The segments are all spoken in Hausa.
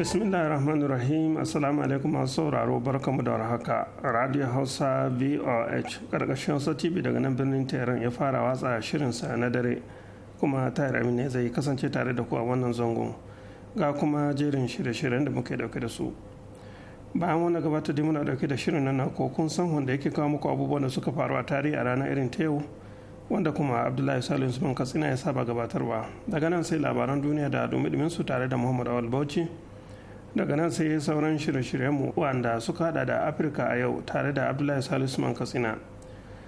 bismillah rahman rahim assalamu alaikum masu sauraro barkamu da haka radio hausa voh karkashin tv daga nan birnin tehran ya fara watsa shirinsa na dare kuma tayar amina zai kasance tare da ku a wannan zangon ga kuma jerin shirye-shiryen da muke dauke da su bayan wani gabata dai muna dauke da shirin nan ko kun san wanda yake kawo muku abubuwan da suka faru a tarihi a ranar irin ta yau wanda kuma abdullahi salim bin katsina ya saba gabatarwa daga nan sai labaran duniya da dumi su tare da muhammad awal bauchi daga nan sai sauran shirye-shiryenmu wanda suka hada da afirka a yau tare da abdullahi salisu man katsina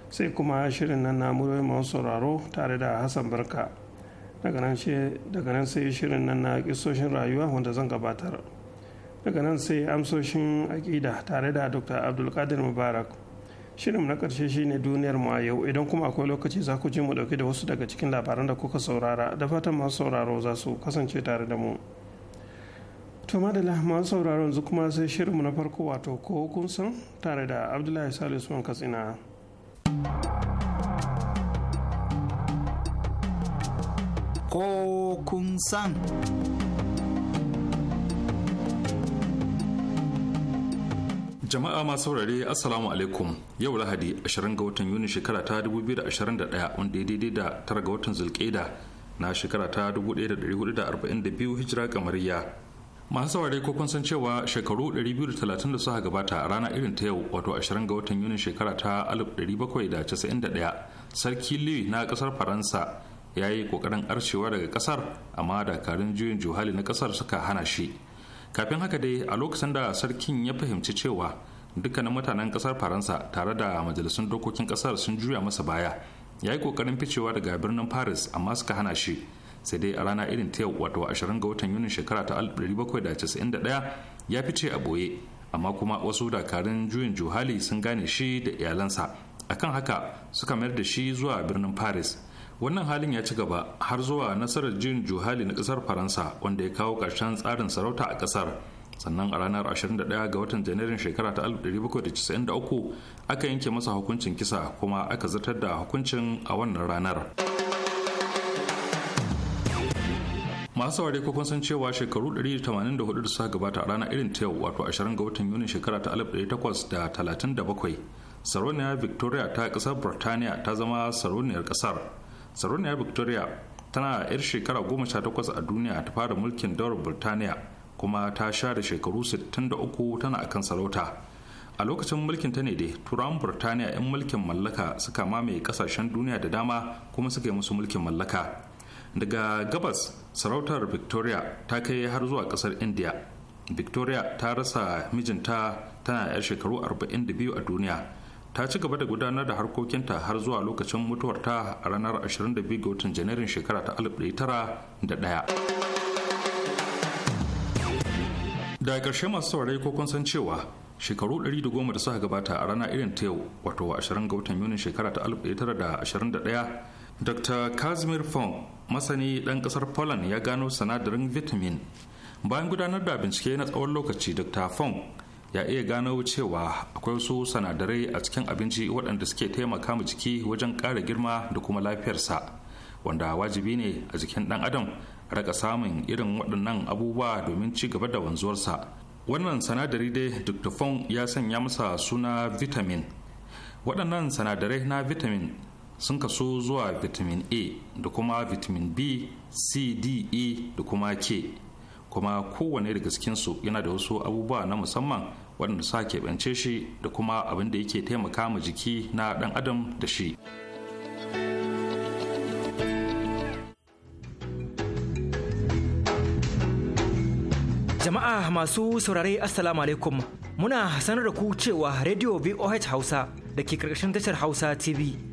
sai kuma shirin nan na muryoyin masu sauraro tare da hassan barka daga nan sai shirin nan na kisoshin rayuwa wanda zan gabatar daga nan sai amsoshin aƙida tare da dr abdulkadir mubarak shirin na ƙarshe shine duniyar mu a yau idan kuma akwai lokaci za ku ji mu dauke da wasu daga cikin labaran da kuka saurara da fatan masu sauraro za su kasance tare da mu. to madalla masu sauraron yanzu kuma sai shirinmu na farko wato ko kun san tare da abdullahi salisu usman katsina ko kun san jama'a masu saurare assalamu alaikum yau lahadi 20 ga watan yuni shekara ta 2021 wanda ya daidai da tara ga watan zulkeda na shekara ta 1442 hijira kamariya masu saurare ko kun san cewa shekaru 230 da suka gabata rana irin ta yau wato 20 ga watan yunin shekara ta 1791 sarki louis na kasar faransa ya yi kokarin arcewa daga kasar amma dakarun juyin juhali na kasar suka hana shi kafin haka dai a lokacin da sarkin ya fahimci cewa dukkanin mutanen kasar faransa tare da majalisun dokokin kasar sun juya masa baya ya yi kokarin ficewa daga birnin paris amma suka hana shi sai dai a rana irin ta yau wato 20 ga watan yunin shekara ta 1791 ya fice a boye amma kuma wasu dakarun juyin juhali sun gane shi da iyalansa akan haka suka mayar da shi zuwa birnin paris wannan halin ya ci gaba har zuwa nasarar juyin juhali na kasar faransa wanda ya kawo ƙarshen tsarin sarauta a kasar sannan a ranar 21 ga watan janairun shekara ta 1793 aka yanke masa hukuncin kisa kuma aka zartar da hukuncin a wannan ranar. masu saurare ko kun san cewa shekaru 184 da suka gabata a ranar irin ta yau wato 20 ga watan yuni shekara ta 1837 sarauniya victoria ta kasar burtaniya ta zama sarauniyar kasar sarauniyar victoria tana yar shekara 18 a duniya ta fara mulkin daular burtaniya kuma ta sha share shekaru 63 tana a kan sarauta a lokacin mulkin ta ne dai turawan burtaniya 'yan mulkin mallaka suka mamaye kasashen duniya da dama kuma suka yi musu mulkin mallaka daga gabas sarautar victoria ta kai har zuwa kasar india victoria ta rasa mijinta tana yar shekaru 42 a duniya ta ci gaba da gudanar da harkokinta har zuwa lokacin mutuwarta a ranar 22 ga watan janairun shekara ta 1901 da ƙarshe masu saurari ko kun san cewa shekaru 110 da suka gabata a rana irin ta yau wato 20 ga watan yunin shekara ta 1921 dr kazimir fong masani ɗan ƙasar poland ya gano sinadarin vitamin bayan gudanar da bincike na tsawon lokaci dr fong ya iya gano cewa akwai wasu sanadarai a cikin abinci waɗanda suke taimaka mu jiki wajen ƙara girma da kuma lafiyarsa wanda wajibi ne a jikin ɗan adam raka samun irin waɗannan abubuwa domin ci gaba da wanzuwarsa wannan sanadari dai dr fong ya sanya masa suna vitamin waɗannan sanadarai na vitamin sun kaso zuwa vitamin a da kuma vitamin b c d e da kuma k kuma kowane daga cikinsu yana da wasu abubuwa na musamman waɗanda sa keɓance shi da kuma abin da yake taimaka ma jiki na ɗan adam da shi. Jama'a masu saurare Assalamu alaikum muna sanar da ku cewa Radio VOH Hausa da ke karkashin tashar Hausa TV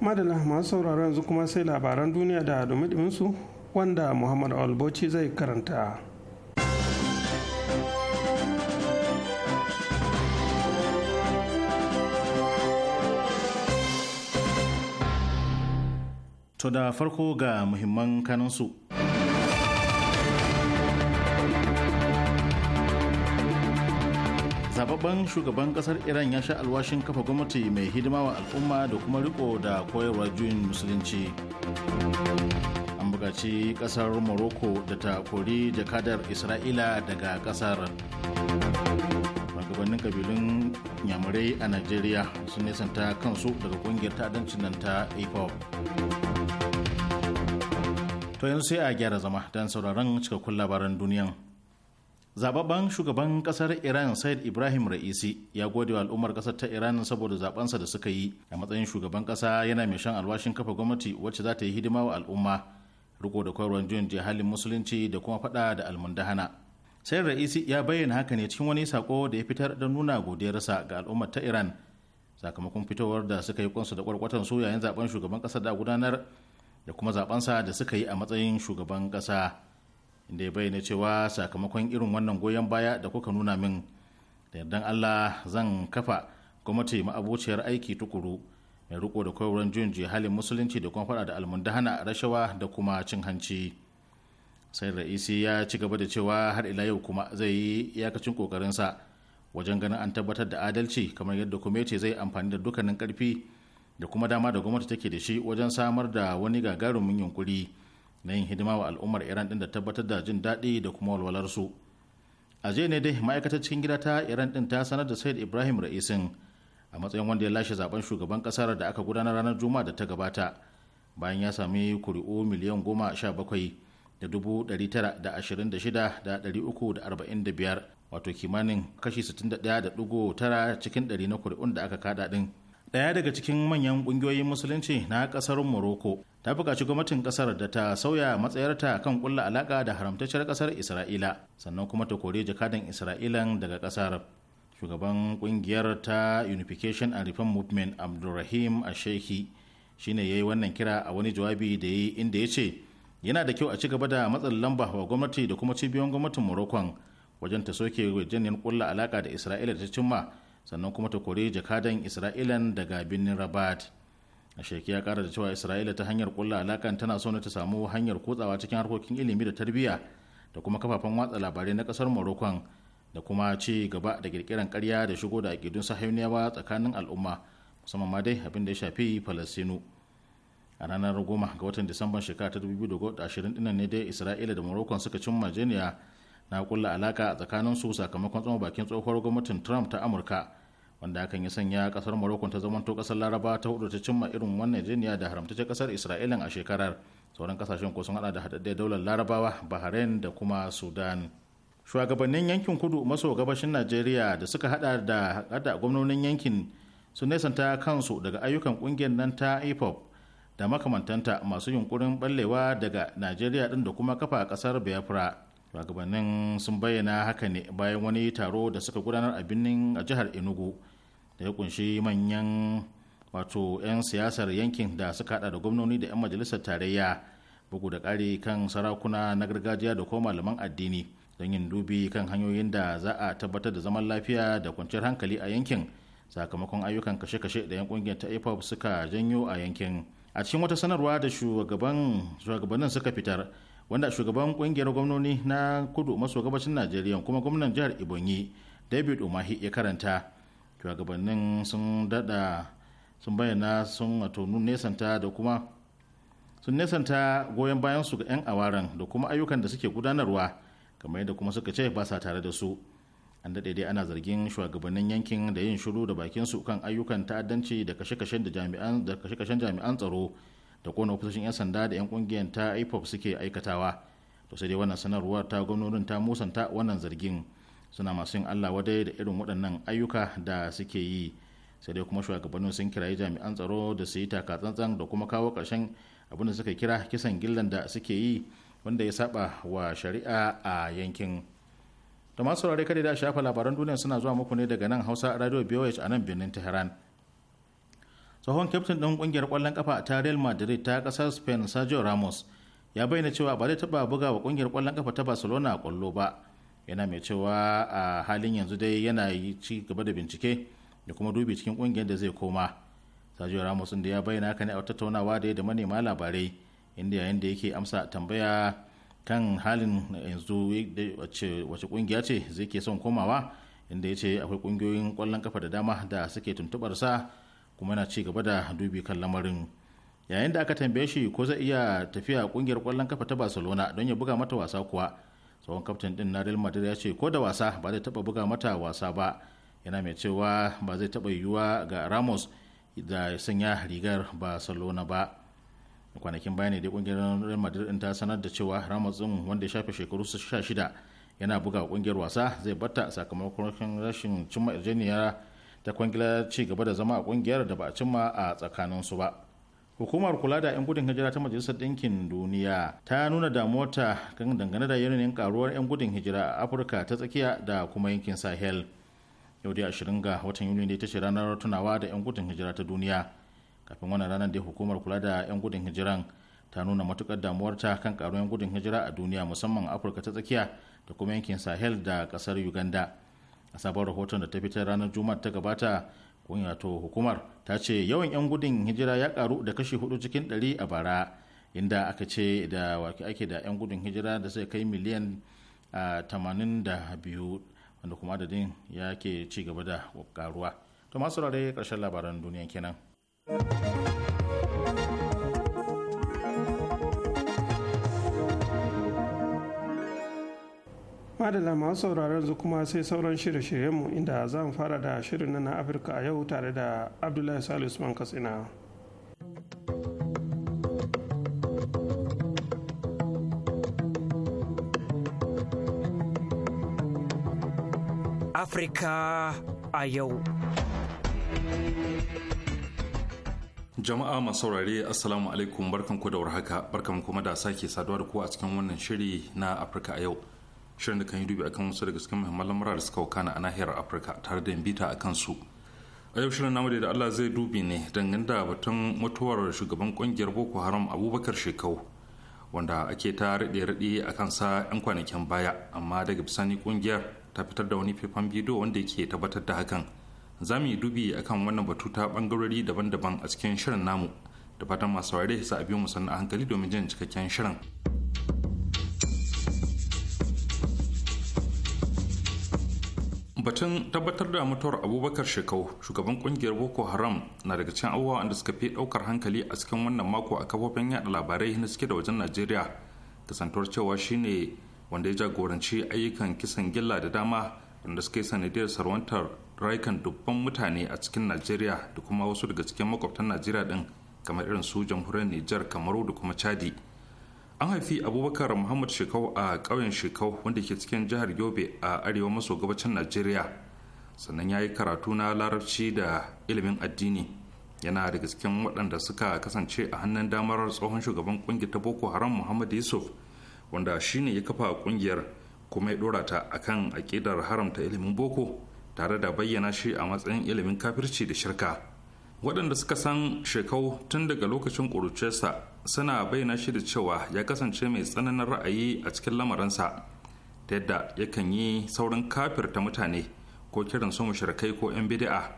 madala masu sauraro yanzu kuma sai labaran duniya da dumi su wanda muhammad alboci zai karanta to da farko ga muhimman kanansu zababben shugaban kasar iran ya sha alwashin kafa gwamnati mai hidima wa al'umma da kuma riko da koyarwa juyin musulunci an buƙaci kasar morocco da ta kori jakadar isra'ila daga kasar shugabannin kabilun yamurai a najeriya sun nisanta kansu daga kungiyar ta'adancin nan ta apop to yanzu sai a gyara zama don sauraron cikakkun labaran duniyan zababban shugaban kasar iran said ibrahim ra'isi ya gode wa al'ummar kasar ta iran saboda zabansa da suka yi a matsayin shugaban kasa yana mai shan alwashin kafa gwamnati wacce za ta yi hidima wa al'umma riko da koyarwar juyin jihalin musulunci da kuma fada da almundahana sai ra'isi ya bayyana haka ne cikin wani sako da ya fitar da nuna godiyarsa ga al'ummar ta iran sakamakon fitowar da suka yi kwansu da kwarkwatan su yayin zaben shugaban kasa da gudanar da kuma zabansa da suka yi a matsayin shugaban kasa inda ya bayyana cewa sakamakon irin wannan goyon baya da kuka nuna min da yardan allah zan kafa gwamnati ma'abociyar aiki tukuru mai riko da koyarwar juyin halin musulunci da kuma faɗa da almundahana rashawa da kuma cin hanci sai ra'isi ya ci gaba da cewa har ila yau kuma zai yi iyakacin kokarinsa wajen ganin an tabbatar da adalci kamar yadda kwamiti zai amfani da dukkanin karfi da kuma dama da gwamnati take da shi wajen samar da wani gagarumin yunkuri na yin hidima wa al'ummar iran din da tabbatar da jin daɗi da kuma walwalarsu a jiya ne dai ma'aikatar cikin gida ta iran din ta sanar da said ibrahim ra'isin a matsayin wanda ya lashe zaben shugaban kasar da aka gudanar ranar juma'a da ta gabata bayan ya sami kuri'u miliyan goma sha bakwai da dubu ɗari tara da ashirin da shida da ɗari uku da arba'in da biyar wato kimanin kashi sittin da ɗaya da ɗigo tara cikin ɗari na kuri'un da aka kada ɗin Daya daga cikin manyan kungiyoyin musulunci na kasar Morocco ta bukaci gwamnatin kasar da ta sauya matsayarta kan kulla alaka da haramtacciyar kasar Isra'ila sannan kuma ta kore jakadan Isra'ilan daga kasar. Shugaban kungiyar ta Unification and Reform Movement Abdulrahim Asheki shine yayi wannan kira a wani jawabi da yi inda ya ce yana da kyau a ci gaba da matsin lamba wa gwamnati da kuma cibiyoyin gwamnatin Morocco wajen ta soke yin kulla alaka da Isra'ila da ta cimma sannan kuma ta kori jakadan isra'ilan daga birnin rabat a sheki ya kara da cewa isra'ila ta hanyar kulla alakan tana so ta samu hanyar kutsawa cikin harkokin ilimi da tarbiyya da kuma kafafen watsa labarai na kasar moroccan da kuma ci gaba da kirkiran karya da shigo da akidun sahiyoniyawa tsakanin al'umma musamman ma dai abin da ya shafi falastinu a ranar goma ga watan disamban shekara ta 2020 dinnan ne dai isra'ila da morocco suka cin majiniya na kulla alaka a tsakanin su sakamakon tsoma bakin tsohuwar gwamnatin trump ta amurka wanda hakan ya sanya kasar morocco ta zamanto kasar laraba ta hudu ta cimma irin wannan yarjejeniya da ce kasar isra'ila a shekarar sauran kasashen ko sun hada da haɗaɗɗen daular larabawa bahrain da kuma sudan shugabannin yankin kudu maso gabashin najeriya da suka hada da hada gwamnonin yankin sun nesanta kansu daga ayyukan kungiyar nan ta ipop da makamantanta masu yunkurin ballewa daga najeriya din da kuma kafa kasar biafra shugabannin sun bayyana haka ne bayan wani taro da suka gudanar a birnin a jihar enugu da ya kunshi manyan wato 'yan siyasar yankin da suka hada da gwamnoni da 'yan majalisar tarayya bugu da ƙari kan sarakuna na gargajiya da kuma malaman addini don yin dubi kan hanyoyin da za a tabbatar da zaman lafiya da kwanciyar hankali a yankin sakamakon ayyukan kashe-kashe da 'yan kungiyar ta ipop suka janyo a yankin a cikin wata sanarwa da shugabannin suka fitar wanda shugaban kungiyar gwamnoni na kudu maso gabashin najeriya kuma gwamnan jihar ibonyi david umahi ya karanta shugabannin sun dada sun bayyana sun wato nesanta da kuma sun nesanta goyon bayan su ga 'yan awaran da kuma ayyukan da suke gudanarwa kamar yadda kuma suka ce ba sa tare da su an daɗe dai ana zargin shugabannin yankin da yin shiru da bakin su kan ayyukan ta'addanci da kashe-kashen jami'an tsaro da kowane ofisoshin 'yan sanda da 'yan kungiyar ta ipop suke aikatawa to sai dai wannan sanarwar ta gwamnonin ta musanta wannan zargin suna masu yin allah wadai da irin waɗannan ayyuka da suke yi sai dai kuma shugabannin sun kirayi jami'an tsaro da su yi taka tsantsan da kuma kawo ƙarshen abin suka kira kisan gillan da suke yi wanda ya saba wa shari'a a yankin da masu saurare kada da shafa labaran duniya suna zuwa muku ne daga nan hausa radio bih a nan birnin tehran tsohon kyaftin ɗin ƙungiyar ƙwallon kafa ta real madrid ta ƙasar spain sergio ramos ya bayyana cewa ba zai taɓa buga wa ƙungiyar ƙwallon kafa ta barcelona ƙwallo ba yana mai cewa a halin yanzu dai yana yi ci gaba da bincike da kuma dubi cikin ƙungiyar da zai koma sergio ramos inda ya bayyana haka ne a tattaunawa da da manema labarai inda yayin da yake amsa tambaya kan halin yanzu wace ƙungiya ce zai ke son komawa inda ya ce akwai ƙungiyoyin ƙwallon kafa da dama da suke tuntuɓar sa kuma yana ci gaba da dubi kan lamarin yayin da aka tambaye shi ko zai iya tafiya kungiyar kwallon kafa ta barcelona don ya buga mata wasa kuwa tsohon kaftin din na real madrid ya ce ko da wasa ba zai taba buga mata wasa ba yana mai cewa ba zai taba yiwuwa ga ramos da sanya rigar barcelona ba kwanakin baya ne dai kungiyar real madrid din ta sanar da cewa ramos din wanda ya shafe shekaru shida yana buga kungiyar wasa zai bata sakamakon rashin cimma yarjejeniya ta kwangilar ci gaba da zama a kungiyar da ba a cimma a tsakanin su ba hukumar kula da 'yan gudun hijira ta majalisar ɗinkin duniya ta nuna damuwarta kan dangane da yanayin karuwar 'yan gudun hijira a afirka ta tsakiya da kuma yankin sahel yau da 20 ga watan yuni ne ta ce ranar tunawa da 'yan gudun hijira ta duniya kafin wannan ranar da hukumar kula da 'yan gudun hijiran ta nuna matukar damuwarta kan karuwar 'yan gudun hijira a duniya musamman afirka ta tsakiya da kuma yankin sahel da kasar uganda a sabon rahoton da ta fitar ranar juma'a ta gabata to hukumar ta ce yawan 'yan gudun hijira ya karu da kashi hudu cikin dari a bara inda aka ce da wake ake da 'yan gudun hijira da sai kai miliyan 82 wanda kuma adadin ya ke ci gaba da karuwa to masu rare karshen labaran duniya kenan. madalla masu sauraron zu kuma sai sauran shirye-shiryenmu inda za mu fara da shirin na afirka a yau tare da abdullahi salisu usman katsina afirka a yau Jama'a masu saurare Assalamu alaikum barkanku da warhaka barkanku kuma da sake saduwa da ku a cikin wannan shiri na Afirka a yau. shirin da kan yi dubi akan wasu daga cikin muhimman lamura da suka wakana a nahiyar afirka tare da bita a kansu a yau shirin namu da allah zai dubi ne dangane da batun mutuwar shugaban kungiyar boko haram abubakar shekau wanda ake ta rade raɗe a kan sa 'yan kwanakin baya amma daga bisani kungiyar ta fitar da wani faifan bidiyo wanda ke tabbatar da hakan za mu yi dubi akan wannan batu ta bangarori daban-daban a cikin shirin namu da fatan masu saurare sa a biyu musamman a hankali domin jin cikakken shirin. batun tabbatar da mutuwar abubakar shekau shugaban kungiyar boko haram na daga cikin abubuwan da suka fi daukar hankali a cikin wannan mako a kafofin yada labarai na suke da wajen najeriya kasantuwar cewa shine wanda ya jagoranci ayyukan kisan gilla da dama wanda suka yi sanadiyar sarwantar rayukan dubban mutane a cikin najeriya da kuma wasu daga cikin makwabtan najeriya din kamar irin su jamhuriyar nijar kamaru da kuma chadi an haifi abubakar muhammad shekau a ƙauyen shekau wanda ke cikin jihar yobe a arewa maso gabacin najeriya sannan ya yi karatu na larabci da ilimin addini yana daga cikin waɗanda suka kasance a hannun damar tsohon shugaban ƙungiyar ta boko haram muhammad yusuf wanda shine ya kafa ƙungiyar kuma ya ɗora ta akan aƙidar haramta ilimin boko tare da bayyana shi a matsayin ilimin kafirci da shirka waɗanda suka san shekau tun daga lokacin ƙuruciyarsa suna bayyana shi da cewa ya kasance mai tsananin ra'ayi a cikin lamarinsa ta yadda yakan yi saurin kafirta mutane ko kiran su mushrikai ko 'yan bida'a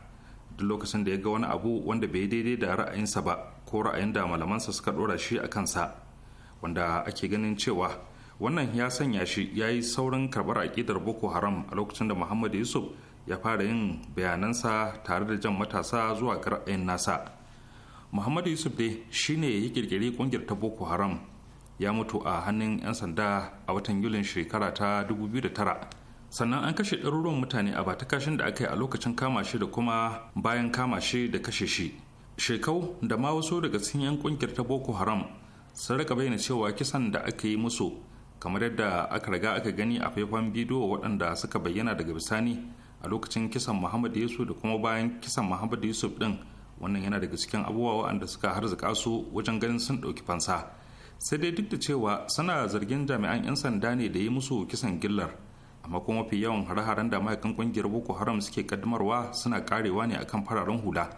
duk lokacin da ya ga wani abu wanda bai daidai da ra'ayinsa ba ko ra'ayin da malamansa suka ɗora shi a kansa wanda ake ganin cewa wannan ya sanya shi ya yi saurin karɓar aƙidar boko haram a lokacin da muhammad yusuf ya fara yin bayanansa tare da jan matasa zuwa ra'ayin nasa muhammadu yusuf dai shine ya kirkiri kungiyar ta boko haram ya mutu a hannun 'yan sanda a watan yulin shekara ta 2009 sannan an kashe ɗaruruwan mutane a bata kashin da aka yi a lokacin kama shi da kuma bayan kama shi da kashe shi shekau da ma wasu daga cikin 'yan kungiyar ta boko haram sun rika bayyana cewa kisan da aka yi musu kamar yadda aka riga aka gani a faifan bidiyo waɗanda suka bayyana daga bisani a lokacin kisan muhammad yusuf da kuma bayan kisan muhammad yusuf din wannan yana daga cikin abubuwa waɗanda suka harzika su wajen ganin sun ɗauki fansa sai dai duk da cewa suna zargin jami'an 'yan sanda ne da yi musu kisan gillar amma kuma mafi yawan hare-haren da mayakan kungiyar boko haram suke kaddamarwa suna karewa ne akan fararen hula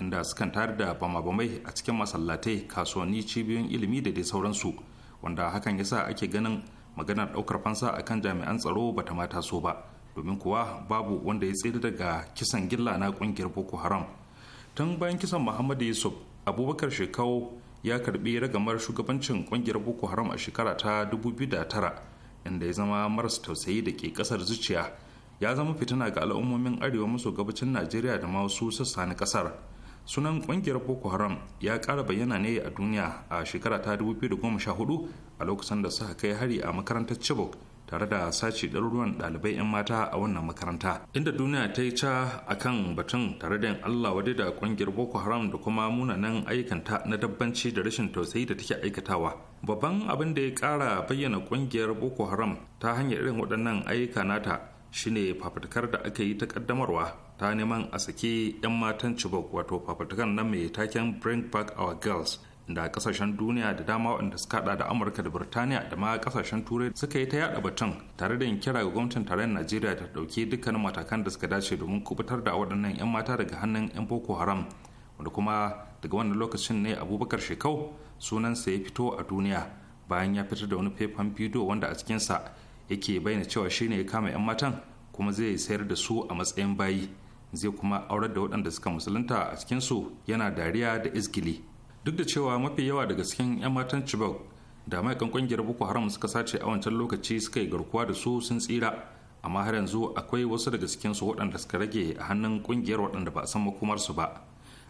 inda sukan tare da bama-bamai a cikin masallatai kasuwanni cibiyoyin ilimi da dai sauransu wanda hakan yasa ake ganin maganar ɗaukar fansa akan jami'an tsaro bata mata so ba domin kuwa babu wanda ya tsere daga kisan gilla na kungiyar boko haram tun bayan kisan Muhammadu yusuf abubakar shekau ya karbi ragamar shugabancin kungiyar boko haram a shekara ta 2009 inda ya zama maras tausayi da ke kasar zuciya ya zama fitina ga al'ummomin arewa maso gabacin najeriya da ma wasu sassa na kasar sunan kungiyar boko haram ya kara bayyana ne a duniya a shekara ta 2014 a lokacin da suka kai hari a makarantar chibok tare da sace ɗaruruwan ɗalibai 'yan mata a wannan makaranta inda duniya ta yi ca a kan batun tare da yin allah wadai da ƙungiyar boko haram da kuma munanan ayyukanta na dabbanci da rashin tausayi da take aikatawa babban abin da ya ƙara bayyana ƙungiyar boko haram ta hanyar irin waɗannan ayyuka nata shine fafatakar da aka yi ta ƙaddamarwa ta neman a saki 'yan matan chibok wato fafatakar nan mai taken bring back our girls da kasashen duniya da dama waɗanda suka hada da amurka da birtaniya da ma kasashen turai suka yi ta yada batun tare da yin kira ga gwamnatin tarayyar najeriya ta ɗauki dukkanin matakan da suka dace domin kubutar da waɗannan 'yan mata daga hannun 'yan boko haram wanda kuma daga wannan lokacin ne abubakar shekau sunansa ya fito a duniya bayan ya fitar da wani faifan bidiyo wanda a cikinsa yake bayyana cewa shi ne ya kama 'yan matan kuma zai sayar da su a matsayin bayi zai kuma aurar da waɗanda suka musulunta a cikinsu yana dariya da izgili duk da cewa mafi yawa daga cikin 'yan matan chibok da maikan kungiyar boko haram suka sace a wancan lokaci suka yi garkuwa da su sun tsira amma har yanzu akwai wasu daga cikin su waɗanda suka rage a hannun kungiyar waɗanda ba a san makomarsu ba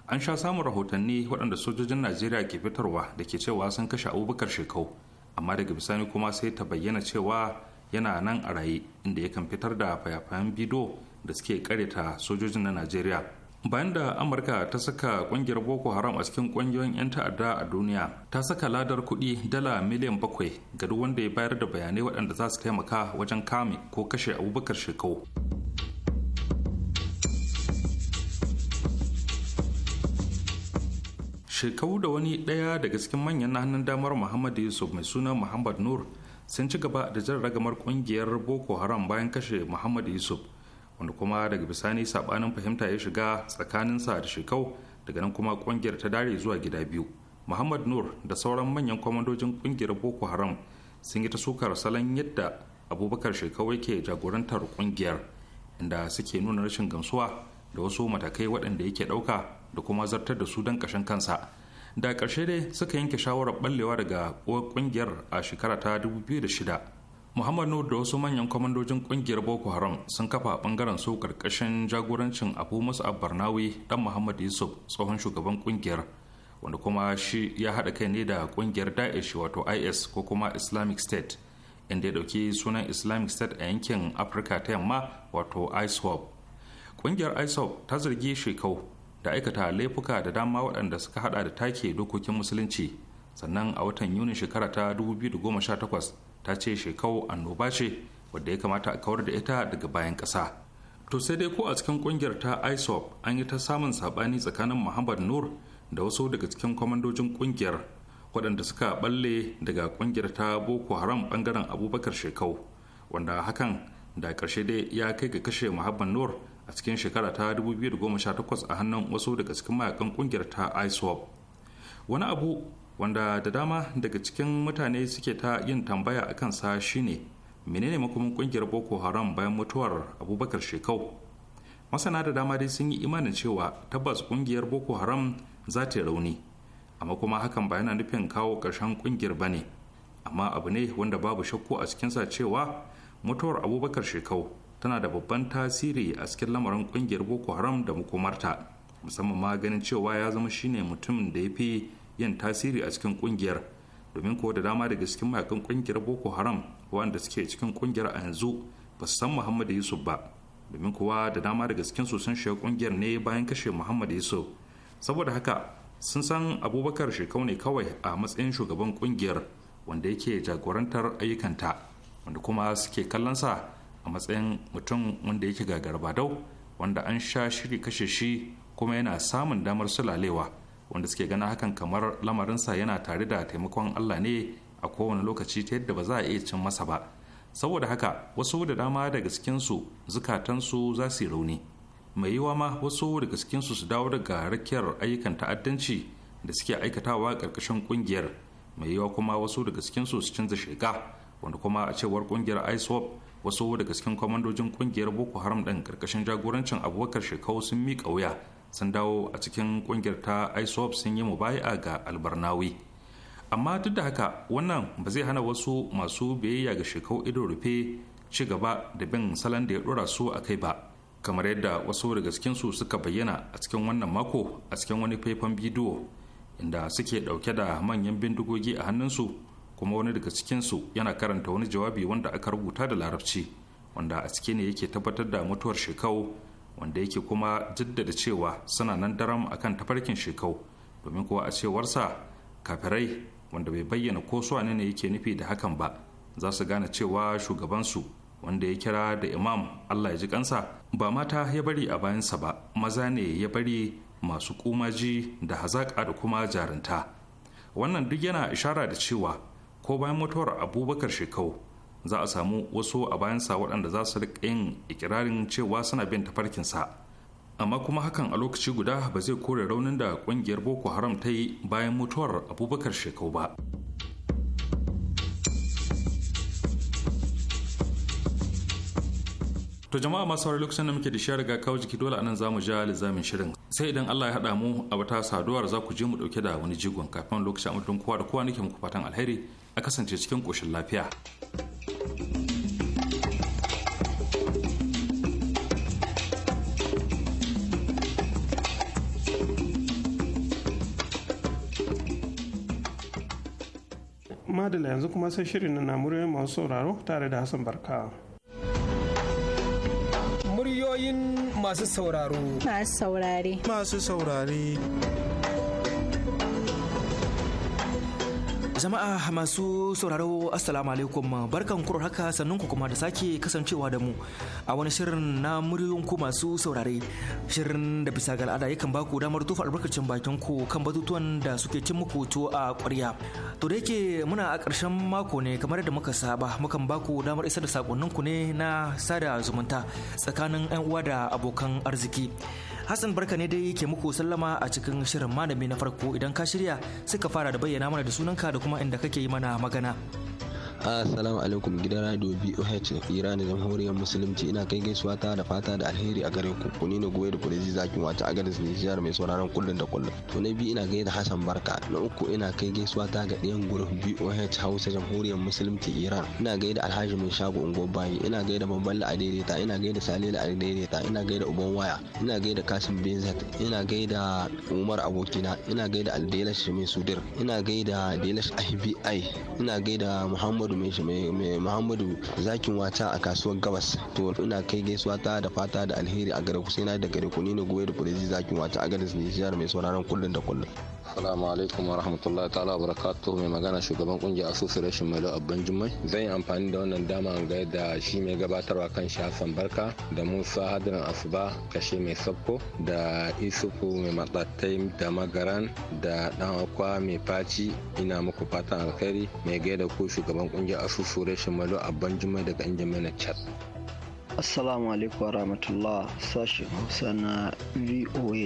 an sha samun rahotanni waɗanda sojojin najeriya ke fitarwa da ke cewa sun kashe abubakar shekau amma daga bisani kuma sai ta bayyana cewa yana nan a raye inda yakan fitar da fayafayan bido da suke kareta sojojin na najeriya bayan da amurka ta saka kungiyar boko haram a cikin kungiyoyin 'yan ta'adda a duniya ta saka ladar kuɗi dala miliyan bakwai ga duk wanda ya bayar da bayanai waɗanda za su taimaka wajen kame ko kashe abubakar shekau shekau da wani ɗaya daga cikin manyan na hannun damar muhammad yusuf mai suna muhammad nur sun ci gaba da jan ragamar kungiyar boko haram bayan kashe muhammad yusuf wanda kuma daga bisani sabanin fahimta ya shiga tsakanin sa da shekau daga nan kuma kungiyar ta dare zuwa gida biyu muhammad nur da sauran manyan kwamandojin kungiyar boko haram sun yi ta sukar salon yadda abubakar shekau yake jagorantar kungiyar inda suke nuna rashin gamsuwa da wasu matakai waɗanda yake ɗauka da kuma zartar da su don ƙashin kansa da ƙarshe dai suka yanke shawarar ɓallewa daga ƙungiyar a shekara ta 2006 muhammad nur da wasu manyan kwamandojin kungiyar boko haram sun kafa bangaren su karkashin jagorancin abu Musa barnawi dan muhammad yusuf tsohon shugaban kungiyar wanda kuma shi ya haɗa kai ne da kungiyar daesh wato is ko kuma islamic state inda ya ɗauki sunan islamic state a yankin afirka ta yamma wato iswap kungiyar iswap ta zargi shekau da aikata laifuka da dama waɗanda suka hada da take dokokin musulunci sannan a watan Yuni shekara ta 2018 ta ce shekau annoba ce wadda ya kamata a kawar da ita daga bayan ƙasa to sai dai ko a cikin kungiyar ta isop an yi ta samun saɓani tsakanin muhammad nur da wasu daga cikin kwamandojin kungiyar waɗanda suka balle daga kungiyar ta boko haram bangaren abubakar shekau wanda hakan da ƙarshe dai ya kai ga kashe muhammad nur a cikin shekara ta 2018 a hannun wasu daga cikin mayakan kungiyar ta isop wani abu wanda da dama daga cikin mutane suke ta yin tambaya a kansa shine menene makomin kungiyar boko haram bayan mutuwar abubakar shekau masana da dama dai sun yi imanin cewa tabbas kungiyar boko haram za ta rauni amma kuma hakan ba yana nufin kawo ƙarshen kungiyar ba ne amma abu ne wanda babu shakku a cikinsa cewa mutuwar abubakar shekau tana da babban tasiri a cikin lamarin kungiyar boko haram da makomarta musamman ma ganin cewa ya zama shine mutum da ya fi yin tasiri a cikin kungiyar domin ko da dama daga cikin mayakan kungiyar boko haram wanda suke cikin kungiyar a yanzu ba su san Muhammadu yusuf ba domin kuwa da dama daga cikin su sun shiga kungiyar ne bayan kashe Muhammadu yusuf saboda haka sun san abubakar shekau ne kawai a matsayin shugaban kungiyar wanda yake jagorantar ayyukanta wanda kuma suke kallon sa a matsayin mutum wanda yake gagarba dau wanda an sha shiri kashe shi kuma yana samun damar sulalewa wanda suke ganin hakan kamar lamarinsa yana tare da taimakon allah ne a kowane lokaci ta yadda ba za a iya cin masa ba saboda haka wasu da dama daga cikinsu zukatansu za su yi rauni mai yiwa ma wasu daga cikinsu su dawo daga rakiyar ayyukan ta'addanci da suke aikatawa ƙarƙashin ƙungiyar mai yiwa kuma wasu daga cikinsu su canza shiga wanda kuma a cewar ƙungiyar iswap wasu daga cikin kwamandojin ƙungiyar boko haram ɗin ƙarƙashin jagorancin abubakar shekau sun miƙa wuya sun dawo a cikin kungiyar ta isop sun yi mubaya ga albarnawi amma duk da haka wannan ba zai hana wasu masu biyayya ga shekau ido rufe ci gaba da bin salon da ya dora su a kai ba kamar yadda wasu daga cikinsu suka bayyana a cikin wannan mako a cikin wani faifan bidiyo inda suke dauke da manyan bindigogi a hannunsu kuma wani daga cikinsu yana karanta wani jawabi wanda aka rubuta da larabci wanda a cike ne yake tabbatar da mutuwar shekau wanda yake kuma jaddada cewa suna nan daram kan tafarkin shekau domin kuwa a cewarsa kafirai wanda bai bayyana ko su ne yake nufi da hakan ba za su gane cewa shugabansu wanda ya kira da imam allah ya ji kansa ba mata ya bari a bayansa ba maza ne ya bari masu kumaji da hazaƙa da kuma jarinta wannan duk yana ishara da cewa ko bayan mutuwar abubakar shekau za a samu wasu a bayansa waɗanda za su riƙa yin ikirarin cewa suna bin tafarkinsa amma kuma hakan a lokaci guda ba zai kore raunin da ƙungiyar boko haram ta yi bayan mutuwar abubakar shekau ba To jama'a masu wari lokacin da muke da shi riga kawo jiki dole anan zamu ja lizamin shirin. Sai idan Allah ya haɗa mu a wata saduwar za ku je mu ɗauke da wani jigon kafin lokacin mutun kowa da kowa nake muku fatan alheri. a kasance cikin ƙoshin lafiya. Madala yanzu kuma sai shirin na muryoyin masu sauraro tare da Hassan Barka. Muryoyin masu sauraro. Masu saurare. Masu saurare. Jama'a masu sauraro Assalamu alaikum barkan kurar haka sannan ku kuma da sake kasancewa da mu a wani shirin na muryoyin ku masu saurare shirin da bisa ga al'ada yakan baku damar tufa albarkacin bakin ku kan batutuwan da suke cin muku to a ƙwarya. To da yake muna a ƙarshen mako ne kamar yadda muka saba mukan baku damar isar da sakonnin ne na sada zumunta tsakanin 'yan uwa da abokan arziki. Hassan barka ne dai ke muku sallama a cikin shirin malami na farko idan ka shirya suka fara da bayyana mana da sunanka da kuma inda kake yi mana magana. Assalamu alaikum gidan radio BOH Iran da Jamhuriyar Musulunci ina kai gaisuwa ta da fata da alheri a gare ku kuni ne goye da ji zakin wata a garin Nijar mai sauraron kullun da kullun to na biyu ina gaida Hassan Barka na uku ina kai gaisuwa ta ga ɗiyan gurin BOH Hausa Jamhuriyar Musulunci Iran ina gaida Alhaji mai shago ungo bayi ina gaida Baballa a daidaita ina gaida Salila a daidaita ina gaida Uban waya ina gaida Kasim Benzat ina gaida Umar abokina ina gaida Aldelash mai Sudir ina gaida Delash IBI ina gaida Muhammad muhammadu mai shi mai muhammadu zakin wata a kasuwar gabas to ina kai gaisuwa ta da fata da alheri a gare ku sai na da gare ku ni gobe da kudi zakin wata a garin jihar mai sauraron kullun da kullun Salamu alaikum wa rahmatullahi ta'ala wa barakatuhu mai magana shugaban kungiyar association mai abban jummai zan yi amfani da wannan dama gaya da shi mai gabatarwa kan shi Barka da Musa hadirin Asuba kashe mai sabko da Isufu mai matsatai da magaran da dan akwa mai faci ina muku fatan alkhairi mai da ku shugaban kungiyar association mai abban jummai daga injin mai na chat. Assalamu alaikum warahmatullah sashen Hausa na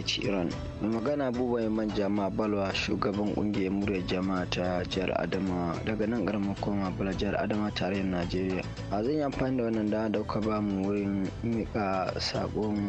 ci Iran. Mai magana buba man jama'a balwa shugaban kungiyar murya jama'a ta jihar Adama daga nan karamar koma bala jihar Adama tarayyar Najeriya. A zan yi amfani da wannan da dauka ba mu wurin mika sakon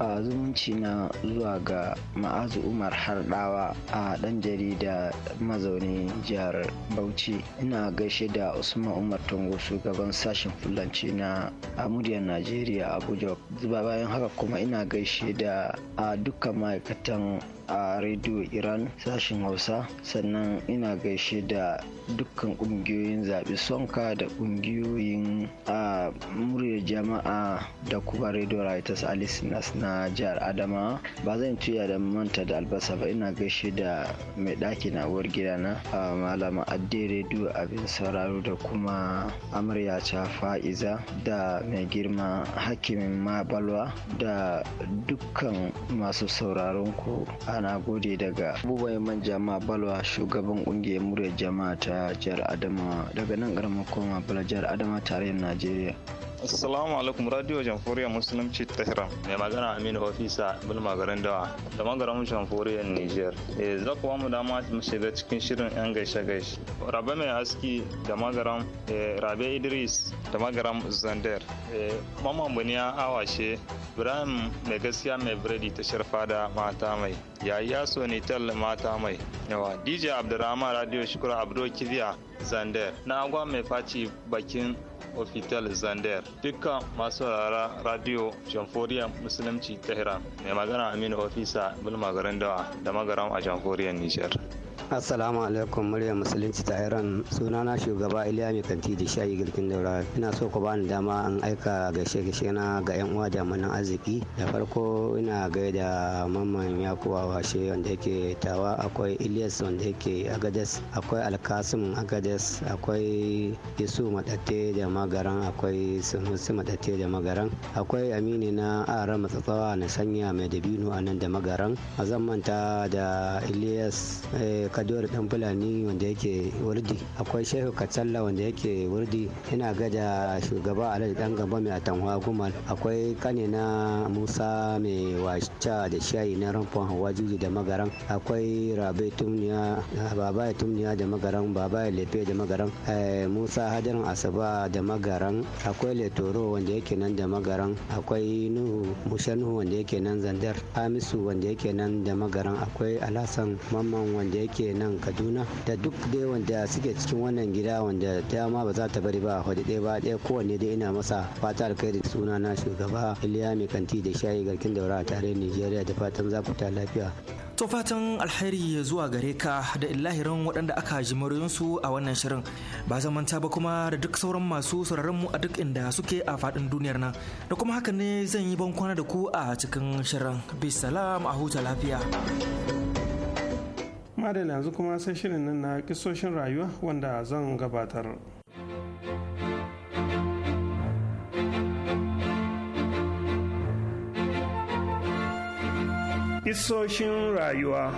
a zumunci na zuwa ga ma'azu Umar Hardawa a dan jarida mazaunin jihar Bauchi. Ina gaishe da Usman Umar tungo shugaban sashen Fulanci na Amuriyar Najeriya Abuja. Zuba bayan haka kuma ina gaishe da a dukkan ma'aikatan a rediyo iran sashen hausa sannan ina gaishe da dukkan ƙungiyoyin zaɓi sonka da ƙungiyoyin a muryar jama'a da kuma rediyo writers alice na jihar adama ba zan tuya da manta da albasa ba ina gaishe da mai ɗaki na uwar na a malama adde rediyo abin sauraro da kuma amarya ta fa'iza da mai girma hakimin mabalwa da dukkan masu sauraron ku a ana gode daga abubuwan manja ma balwa shugaban kungiyar muryar jama'a ta jihar adama daga nan karamar koma bala jihar adama tarayyar najeriya Assalamu alaikum Radio Jamhuriyar Musulunci Tehran. Mai magana Aminu Ofisa Bulma garin Dawa da magaran Jamhuriyar Niger. Eh za ku mu dama mu shiga cikin shirin yan gaishe gaishe. Rabe mai aski da magaran eh, Rabe Idris da magaran Zander. Eh, Mama Buniya Awashe Ibrahim mai gaskiya mai biredi ta sharfa da mata mai. Yaya Sonitel mata mai. Yawa DJ Abdurrahman Radio Shukura Abdo Kibiya Zander. Na agwa mai faci bakin ofital zander dukkan masu rara radio jamforiyar musulunci tehran mai magana aminu ofisa bulma garin dawa da magaram a jamforiyar nijar assalamu alaikum murya musulunci ta iran sunana shugaba iliya mai kanti da shayi girkin daura ina so ku bani dama an aika gaishe gaishe na ga yan uwa jami'an arziki da farko ina gaida mamman kowa washe wanda yake tawa akwai ilyas wanda yake agades akwai alkasim agades akwai yesu madatte da magaran akwai sunusi madatte da magaran akwai amini na ara matsatsawa na sanya mai dabino a nan da magaran a zan manta da ilyas eh, kaduwar dan fulani wanda yake wurdi akwai shehu katsalla wanda yake wurdi ina gada shugaba alhaji dan gaba mai atanwa gumal akwai kane na musa mai wasca da shayi na rumfan hawa juji da magaran akwai rabe tumniya baba tumniya da magaran baba lefe da magaran eh, musa hadarin asaba da magaran akwai letoro wanda yake nan da magaran akwai nuhu nuhu wanda yake nan zandar hamisu wanda yake nan da magaran akwai alhassan mamman wanda yake ke nan kaduna da duk dai wanda suke cikin wannan gida wanda dama ba za ta bari ba hudu ɗaya ba ɗaya kowanne dai ina masa fata alkhairi suna na shugaba iliya mai kanti da shayi garkin daura a tare nigeria da fatan za ku ta lafiya to fatan alheri ya zuwa gare ka da illahirin waɗanda aka ji su a wannan shirin ba zan manta ba kuma da duk sauran masu sauraron mu a duk inda suke a faɗin duniyar nan da kuma haka ne zan yi bankwana da ku a cikin shirin bisalam a huta lafiya madalla yanzu kuma sai shirin nan na kisoshin rayuwa wanda zan gabatar Kisoshin rayuwa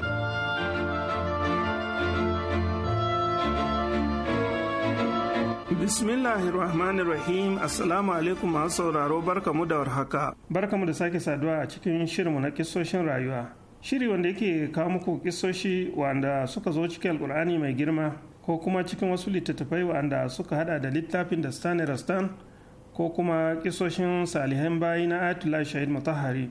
rahim Assalamu alaikum masu sauraro barkamu da warhaka. Barkamu da sake saduwa a cikin shirinmu na kisoshin rayuwa. shiri wanda yake kawo muku kisoshi wanda suka zo cikin alkur'ani mai girma ko kuma cikin wasu littattafai wanda suka hada da littafin da stanley rastan ko kuma kisoshin salihan bayi na atula shahid mutahari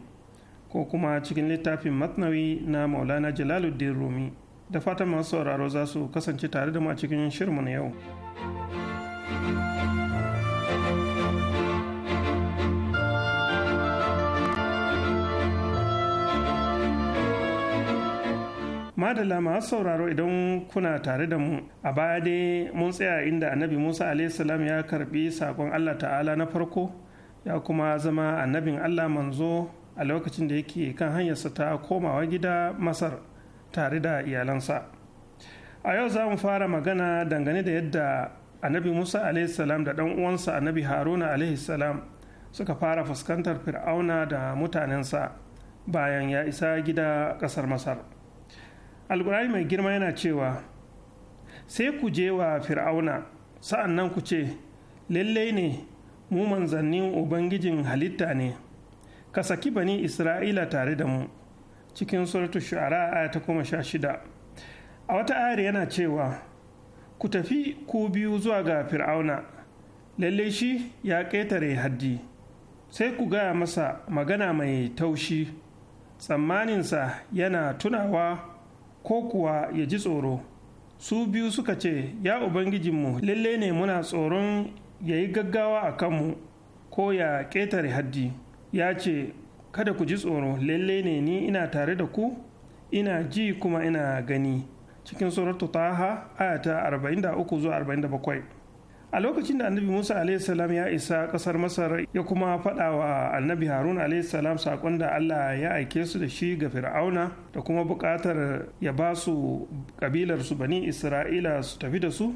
ko kuma cikin littafin matnawi na maulana jalaluddin rumi da fatan masu sauraro za su kasance tare da mu a cikin shirin mu na yau. madalla masu sauraro idan kuna tare da mu a baya dai mun tsaya inda annabi musa salam ya karbi sakon allah ta'ala na farko ya kuma zama annabin allah manzo a lokacin da yake kan hanyarsa ta komawa gida masar tare da iyalansa a yau za mu fara magana dangane da yadda annabi musa salam da dan uwansa annabi haruna salam suka fara fuskantar fir'auna da mutanensa bayan ya isa gida kasar masar alkur'ani mai girma yana cewa sai ku je wa fir'auna sa'an nan ku ce lallai ne mu manzannin ubangijin halitta ne ka saki bani isra'ila tare da mu cikin suratu shu'ara aya ta goma sha shida a wata ayar yana cewa ku tafi ku biyu zuwa ga fir'auna lallai shi ya ƙetare haddi sai ku gaya masa magana mai taushi tsammaninsa yana tunawa ko kuwa ya ji tsoro su biyu suka ce ya ubangijinmu lalle ne muna tsoron ya yi gaggawa a kanmu ko ya ƙetare haddi ya ce kada ku ji tsoro lalle ne ni ina tare da ku ina ji kuma ina gani cikin suratu taha aya ta 43 zuwa 47 a lokacin da annabi musa alaihissalam ya isa kasar masar ya kuma faɗa wa annabi harun alaihissalam saƙon da allah ya aike su da shi ga fir'auna da kuma buƙatar ya ba su ƙabilarsu bani isra'ila su tafi da su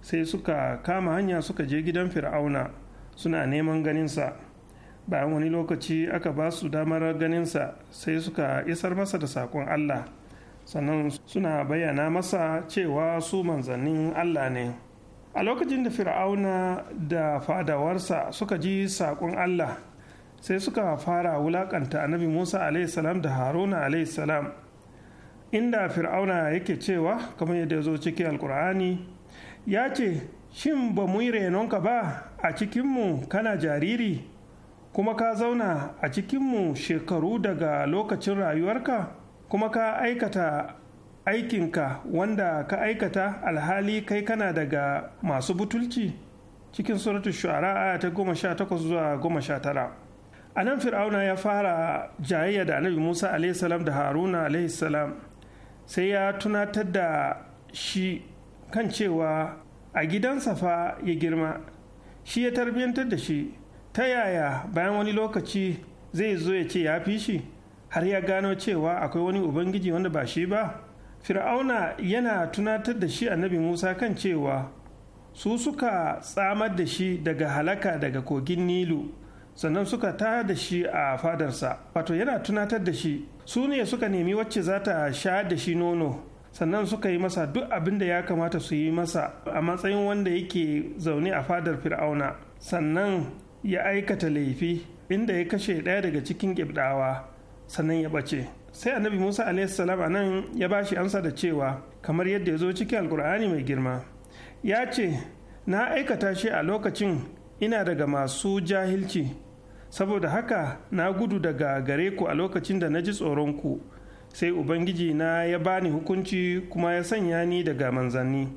sai suka kama hanya suka je gidan fir'auna suna neman ganinsa bayan wani lokaci aka ba su damar ganinsa sai suka isar masa da saƙon allah sannan suna bayyana masa cewa su manzannin allah ne. a lokacin da fir'auna da fadawarsa suka ji saƙon allah sai suka fara wulaƙanta annabi musa salam da haruna salam inda fir'auna yake cewa kamar yadda ya zo cikin alkur'ani ya ce shin ba mu yi renonka ba a cikinmu kana jariri kuma ka zauna a cikinmu shekaru daga lokacin rayuwarka kuma ka aikata aikinka wanda ka aikata alhali kai kana daga masu butulci cikin suratu shu'ara ta goma sha takwas zuwa goma sha tara a nan fir'auna ya fara jayayya da annabi musa alaihissalam da haruna alaihissalam sai ya tunatar da shi kan cewa a gidansa fa ya girma shi ya tarbiyyantar da shi ta yaya bayan wani lokaci zai zo ya ce ya fi shi har ya gano cewa akwai wani ubangiji wanda ba shi ba fir'auna yana tunatar da shi annabi musa kan cewa su suka tsamar da shi daga halaka daga kogin nilu sannan suka ta da shi a fadarsa wato yana tunatar da shi su ne suka nemi wacce za ta sha da shi nono sannan suka yi masa duk abin da ya kamata su yi masa a matsayin wanda yake zaune a fadar fir'auna sannan ya aikata laifi inda ya kashe ɗaya daga cikin sannan ya ɓace. sai annabi musa alaihissalam a nan ya ba shi amsa da cewa kamar yadda ya zo cikin alkur'ani mai girma ya ce na aikata shi a lokacin ina daga masu jahilci saboda haka na gudu daga gare ku a lokacin da na ji tsoronku sai ubangiji na ya bani hukunci kuma ya sanya ni daga manzanni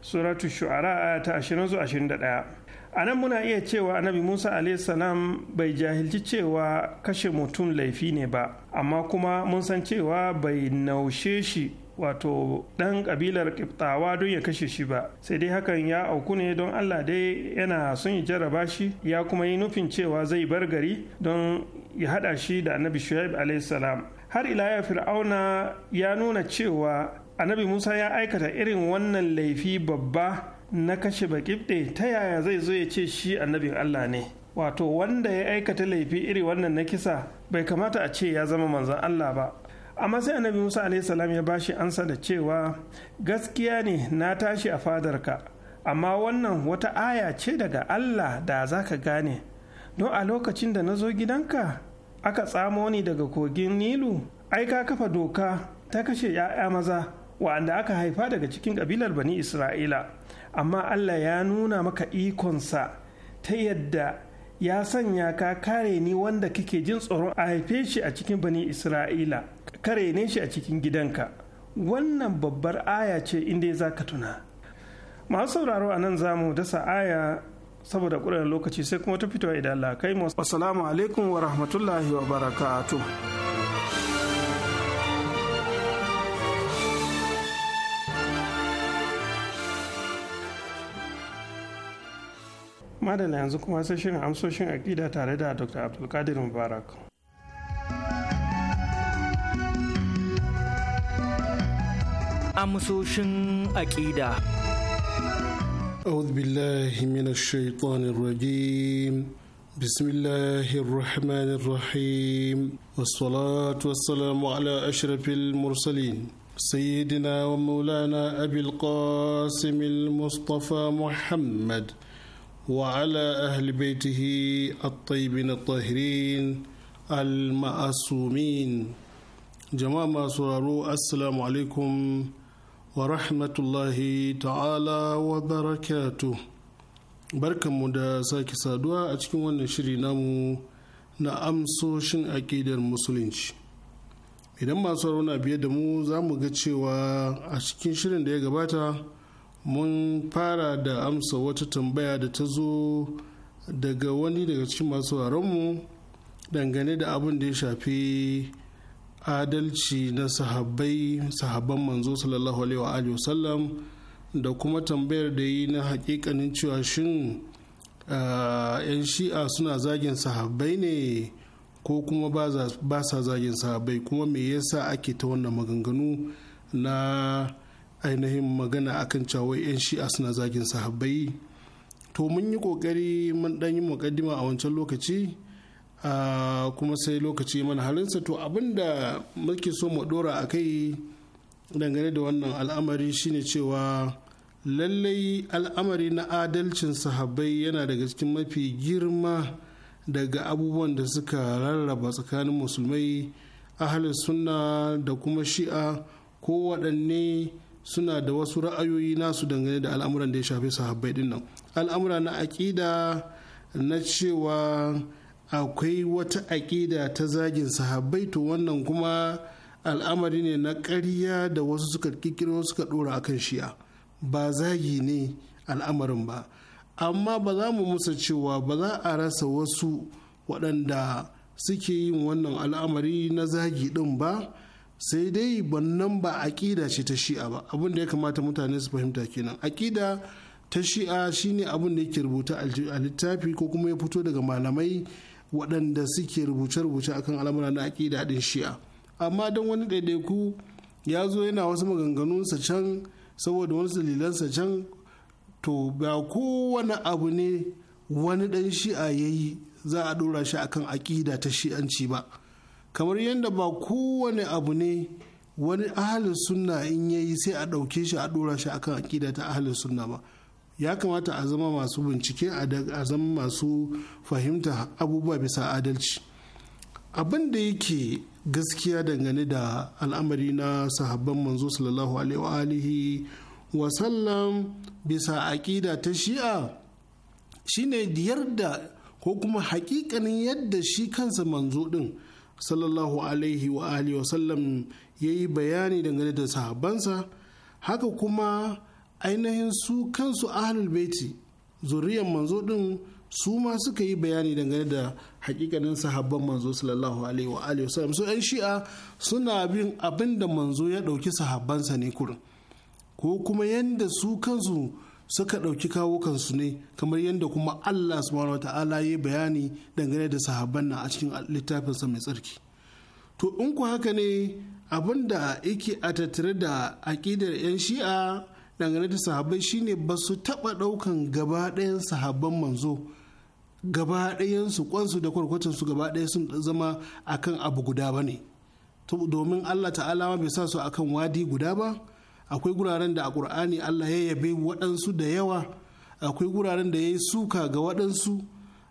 suratu shu'ara ta 20 21 a nan muna iya cewa annabi musa salam bai jahilci cewa kashe mutum laifi ne ba amma kuma mun san cewa bai naushe shi wato ɗan ƙabilar ƙiftawa don ya kashe shi ba sai dai hakan ya auku ne don allah dai yana son ya jarraba shi ya kuma yi nufin cewa zai bar gari don ya haɗa shi da annabi shu'aib salam har ila fir'auna ya nuna cewa annabi musa ya aikata irin wannan laifi babba na kashe bakibde ta yaya zai zo ya ce shi annabin Allah ne wato wanda ya aikata laifi iri wannan na kisa bai kamata a ce ya zama manzon Allah ba amma sai annabi Musa salam ya bashi ansa da cewa gaskiya ne na tashi a fadarka amma wannan wata aya ce daga Allah da za ka gane don a lokacin da na zo gidanka aka tsamo ni daga kogin nilu ai ka kafa doka ta kashe 'ya'ya maza wa'anda aka haifa daga cikin kabilar bani isra'ila amma Allah ya nuna maka ikonsa ta yadda ya sanya ka kare ni wanda kike jin tsoron a haife shi a cikin bani Isra'ila kare ne shi a cikin gidanka wannan babbar aya ce inda za ka tuna masu sauraro a nan zamu dasa aya saboda ƙuran lokaci sai kuma ta fitowa idan Allah kai mu assalamu alaikum wa rahmatullahi wa barakatuh madalla yanzu kuma sai shirin amsoshin aƙida tare da dr abdulkadir mubarak amsoshin aƙida أعوذ بالله من الشيطان الرجيم بسم الله الرحمن الرحيم والصلاة والسلام على أشرف المرسلين سيدنا ومولانا أبي القاسم المصطفى محمد وعلى أهل بيته الطيبين الطاهرين المعصومين جماعة سرارو السلام عليكم ورحمة الله تعالى وبركاته barkanmu da sake saduwa a cikin wannan shiri namu na amsoshin aƙidar musulunci idan masu rauna biye da mu za mu ga cewa a cikin shirin da ya gabata mun fara da amsa wata tambaya da ta zo daga wani daga cikin masu mu dangane da abin da ya shafi adalci na sahabbai sahabban manzo sallallahu alaihi wasallam da kuma tambayar da yi na hakikanin cewa shin yan shi'a suna zagin sahabbai ne ko kuma ba sa zagin sahabbai kuma me yasa ake ta wannan maganganu na ainihin magana akan cewa 'yan shi'a suna zagin sahabbai to mun yi kokari mun dan yi mukaddima a wancan lokaci kuma sai lokaci mana halinsa to abinda muke so mu dora a kai dangane da wannan al'amari shine cewa lallai al'amari na adalcin sahabbai yana daga cikin mafi girma daga abubuwan da suka rarraba tsakanin musulmai ahalin sunna da kuma shi'a ko waɗanne suna da wasu ra'ayoyi nasu dangane da al'amuran da ya shafi sahabbai din nan al'amura na aƙida na cewa akwai wata aƙida ta zagin sahabbai to wannan kuma al'amari ne na ƙarya da wasu suka kikiro suka ɗora akan shi'a ba zagi ne al'amarin ba amma ba za mu musa cewa ba za a rasa wasu waɗanda suke yin wannan al'amari na zagi ɗin ba sai dai wannan ba aƙida ce ta shi'a ba abin da ya kamata mutane su fahimta kenan aƙida ta shi'a shine abin da yake rubuta a littafi ko kuma ya fito daga malamai waɗanda suke rubuce-rubuce akan al'amura na aƙida ɗin shi'a amma don wani ɗaiɗaiku ya zo yana wasu maganganunsa can saboda wani dalilansa can to ba kowane abu ne wani ɗan shi'a ya yi za a ɗora shi akan aƙida ta shi'anci ba kamar yadda ba kowane abu ne wani ahalin sunna in yayi sai a ɗauke shi a ɗora shi akan aƙida ta ahalin sunna ba ya kamata a zama masu bincike a zama masu fahimta abubuwa bisa adalci abin da yake gaskiya dangane da al'amari na sahabban manzo sallallahu alaihi wa sallam bisa aƙida ta shi'a shine yarda ko kuma hakikanin yadda shi kansa manzo din sallallahu alaihi wa alihi wasallam ya yi bayani dangane da sahabbansa haka kuma ainihin su kansu ahlul baiti zuriyar manzo din su ma suka yi bayani dangane da hakikanin sahabban manzo sallallahu alaihi wa alihi wasallam so yan shi'a suna bin abin da manzo ya dauki sahabbansa ne kurin ko kuma yanda su kansu suka ɗauki kawo kansu ne kamar yadda kuma Allah subhanahu wata'ala ya bayani dangane da sahabban na a cikin littafinsa mai tsarki to in ku haka ne abin da yake a tattare da aƙidar 'yan shi'a dangane da sahabbai shine ba su taɓa ɗaukan gaba ɗayan sahabban manzo gaba ɗayan su kwansu da kwarkwatan su gaba ɗaya sun zama akan abu guda ba ne domin Allah ta'ala bai sa su akan wadi guda ba akwai guraren da a ƙur'ani Allah ya yabe waɗansu da yawa akwai guraren da ya yi suka ga waɗansu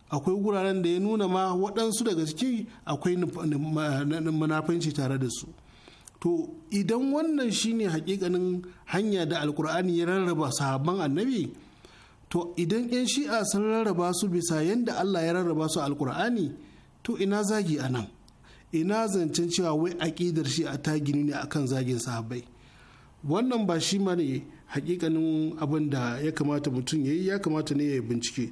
akwai guraren da ya nuna ma waɗansu daga ciki akwai munafanci tare da su to idan wannan shine hakikanin hanya da alkur'ani ya rarraba sahabban annabi to idan 'yan shi'a sun rarraba su bisa yadda allah ya rarraba su alkur'ani to ina zagi a nan ina zancen cewa wai aƙidar shi'a ta gini ne akan zagin sahabbai wannan ba shi ma ne hakikanin abin da ya kamata mutum ya yi ya kamata ne ya yi bincike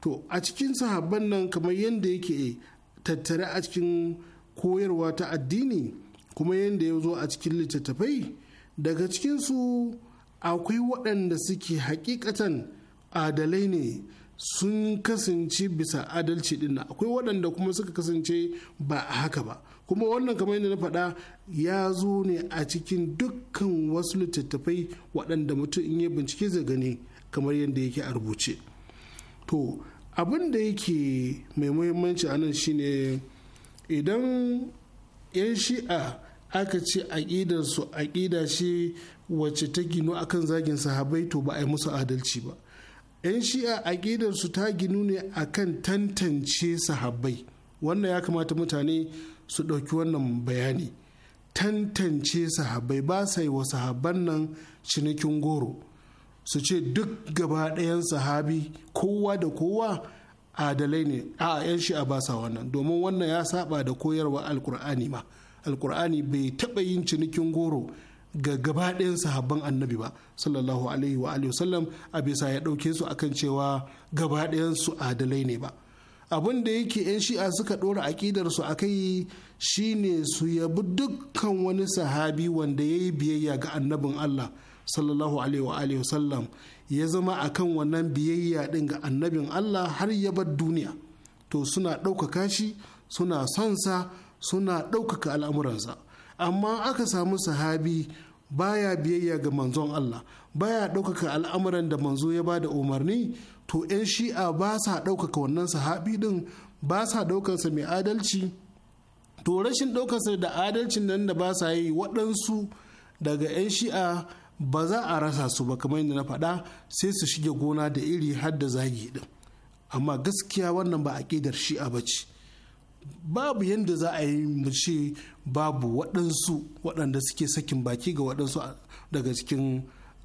to a cikin sahabban nan kamar yadda yake tattare a cikin koyarwa ta addini kuma yadda ya zo a cikin littattafai daga cikinsu akwai waɗanda suke hakikatan adalai ne sun kasance bisa adalci ɗin akwai waɗanda kuma suka kasance ba haka ba kuma wannan kamar yadda na faɗa ya zo ne a cikin dukkan wasu littattafai waɗanda mutum in yi bincike zai gani kamar yadda yake a rubuce to abin da yake mai muhimmanci a nan shine idan 'yan shi'a aka ce aƙidarsu aƙida shi wacce ta ginu akan zagin sahabai to ba a yi musu adalci ba 'yan shi'a aƙidarsu ta ginu ne akan tantance sahabai wannan ya kamata mutane su ɗauki wannan bayani tantance sahabbai ba sa wa sahabban nan cinikin goro su ce duk gaba ɗayan sahabi kowa da kowa adalai ne a yan shi a basa wannan domin wannan ya saba da koyarwa alkur'ani ma alkur'ani bai taɓa yin cinikin goro ga gaba ɗayan sahabban annabi ba sallallahu alaihi wa sallam a bisa ya ɗauke su akan cewa gaba ɗayan su adalai ne ba abin da yake 'yan shi'a suka ɗora aƙidarsu a kai shine su yabi dukkan wani sahabi wanda ya yi biyayya ga annabin Allah sallallahu alaihi wa sallam ya zama akan wannan biyayya ɗin ga annabin Allah har ya bar duniya to suna ɗaukaka shi suna son sa suna ɗaukaka al'amuransa amma aka samu sahabi baya biyayya ga manzon Allah baya ɗaukaka al'amuran da manzo ya ba da umarni to 'yan shi'a ba sa ɗaukaka wannan sahabi ɗin ba sa ɗaukarsa mai adalci to rashin ɗaukarsa da adalcin nan da ba sa yi waɗansu daga 'yan shi'a ba za a rasa su ba kamar yadda na faɗa sai su shige gona da iri har da zagi ɗin amma gaskiya wannan ba a aƙidar shi'a ba ce babu yadda za a yi mu ce babu waɗansu waɗanda suke sakin baki ga waɗansu daga cikin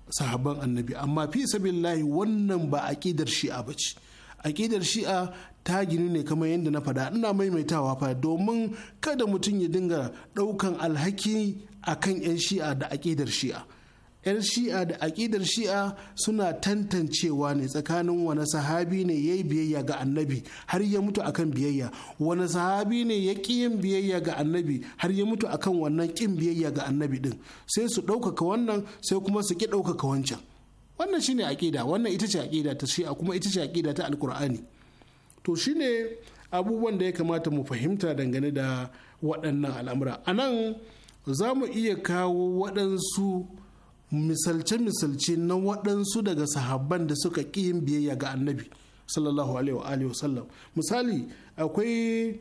sahaban annabi amma fi sabilillahi wannan ba aƙidar shi'a ba ce aƙidar shi'a ta ginu ne kamar yadda na faɗa ina maimaitawa fa domin kada mutum ya dinga ɗaukan alhaki akan 'yan shi'a da aƙidar shi'a 'yan shi'a da aƙidar shi'a suna tantancewa ne tsakanin wani sahabi ne ya yi biyayya ga annabi har ya mutu akan biyayya wani sahabi ne ya ƙi yin biyayya ga annabi har ya mutu akan wannan ƙin biyayya ga annabi ɗin sai su ɗaukaka wannan sai kuma su ƙi ɗaukaka wancan wannan shine aƙida wannan ita ce aƙida ta shi'a kuma ita ce aƙida ta alƙur'ani to shine abubuwan da ya kamata mu fahimta dangane da waɗannan al'amura a nan za mu iya kawo waɗansu misalce-misalce na waɗansu daga sahabban da suka ƙi yin biyayya ga annabi sallallahu alaihi wasallam misali akwai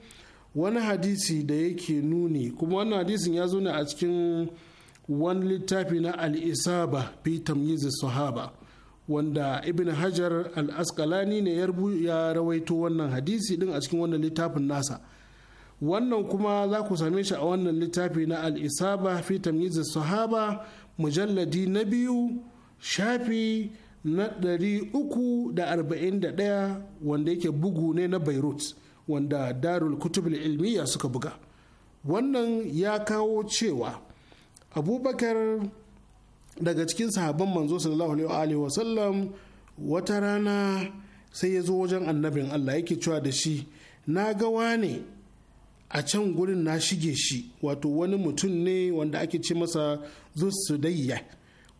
wani hadisi da yake nuni kuma wannan hadisin ya zo ne a cikin wani littafi na al'isaba fi tamyiz sahaba wanda ibn hajar al-asqalani ne ya rawaito wannan hadisi din a cikin wannan littafin nasa wannan kuma za ku same shi a wannan littafi na al'isaba fi tamyiz sahaba mujalladi na biyu shafi na 341 wanda yake bugu ne na beirut wanda darul kutubul ilmiya suka buga wannan ya kawo cewa abubakar daga cikin sahabban manzo sallallahu alaihi sallam wata rana sai ya zo wajen annabin allah yake cewa da shi na gawa ne a can gurin na shige shi wato wani mutum ne wanda ake ce masa zusudayya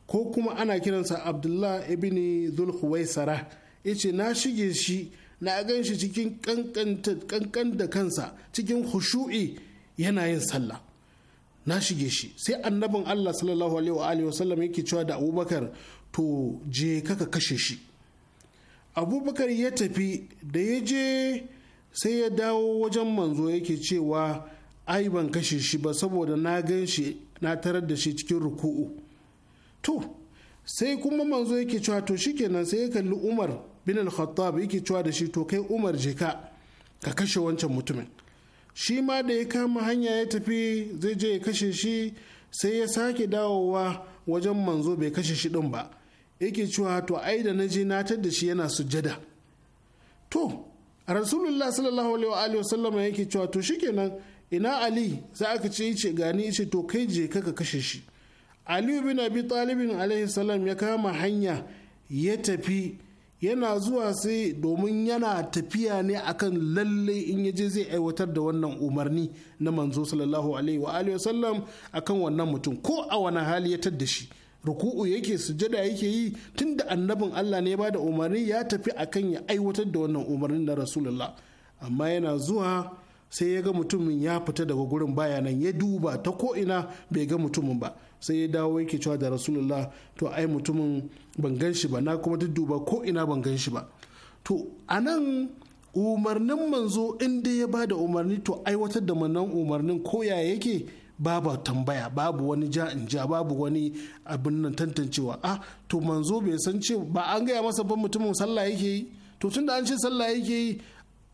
ko kuma ana kiransa abdullah ibn zulhuwaisara ce na shige shi na gan shi cikin kankan da kansa cikin hushu'i yana yin sallah na shige shi sai annabin allah sallallahu alaihi wa sallam yake cewa da abubakar to je kaka kashe shi abubakar ya tafi da ya je sai ya dawo wajen manzo yake cewa ai ban kashe shi ba saboda na gan shi na tarar da shi cikin ruku'u to sai kuma manzo yake cewa to shikenan sai ya kalli umar bin al-khattab yake cewa da shi to kai umar je ka ka kashe wancan mutumin shi ma da ya kama hanya ya tafi zai je ya kashe shi sai ya sake dawowa wajen manzo bai kashe shi din ba yake cewa to ai da na je na tar da shi yana sujada. to rasulullah sallallahu alaihi wa wasallam yake cewa to shikenan ina ali sai aka ce ce gani ce to kai je ka kashe shi ali bin abi talib alaihi salam ya kama hanya ya tafi yana zuwa sai domin yana tafiya ne akan lalle in ya je zai aiwatar da wannan umarni na manzo sallallahu alaihi wa sallam akan wannan mutum ko a wani hali ya tadda shi ruku'u yake sujada yake yi tunda annabin Allah ne ba da umarni ya tafi akan ya aiwatar da wannan umarnin na rasulullah amma yana zuwa sai ya ga mutumin ya fita daga gurin bayanan ya duba ta ko ina bai ga mutumin ba sai ya dawo yake cewa da rasulullah to ai mutumin ban gan shi ba na kuma ta duba ko ina ban gan shi ba to a nan umarnin manzo inda ya ba da umarni to aiwatar da manan umarnin ko ya yake babu tambaya babu wani ja in ja babu wani abin nan tantancewa A ah, to manzo bai san ce ba an gaya masa ban mutumin sallah yake yi to tunda an ce sallah yake yi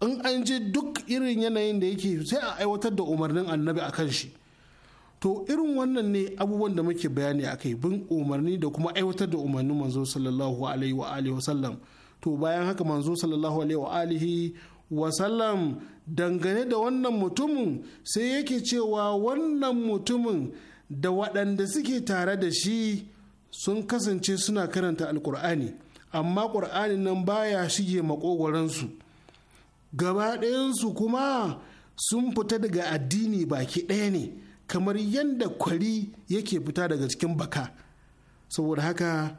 in an je duk irin yanayin da yake sai a aiwatar da umarnin annabi a kan shi to irin wannan ne abubuwan da muke bayani a kai bin umarni da kuma aiwatar da umarnin manzo sallallahu alaihi wa alihi sallam to bayan haka manzo sallallahu alaihi wa alihi sallam dangane da wannan mutumin sai yake cewa wannan mutumin da waɗanda suke tare da shi sun kasance suna karanta alkur'ani amma ƙur'ani nan baya shige maƙogwaransu gaba ɗayansu kuma sun fita daga addini baki ɗaya ne kamar yadda kwari yake fita daga cikin baka saboda haka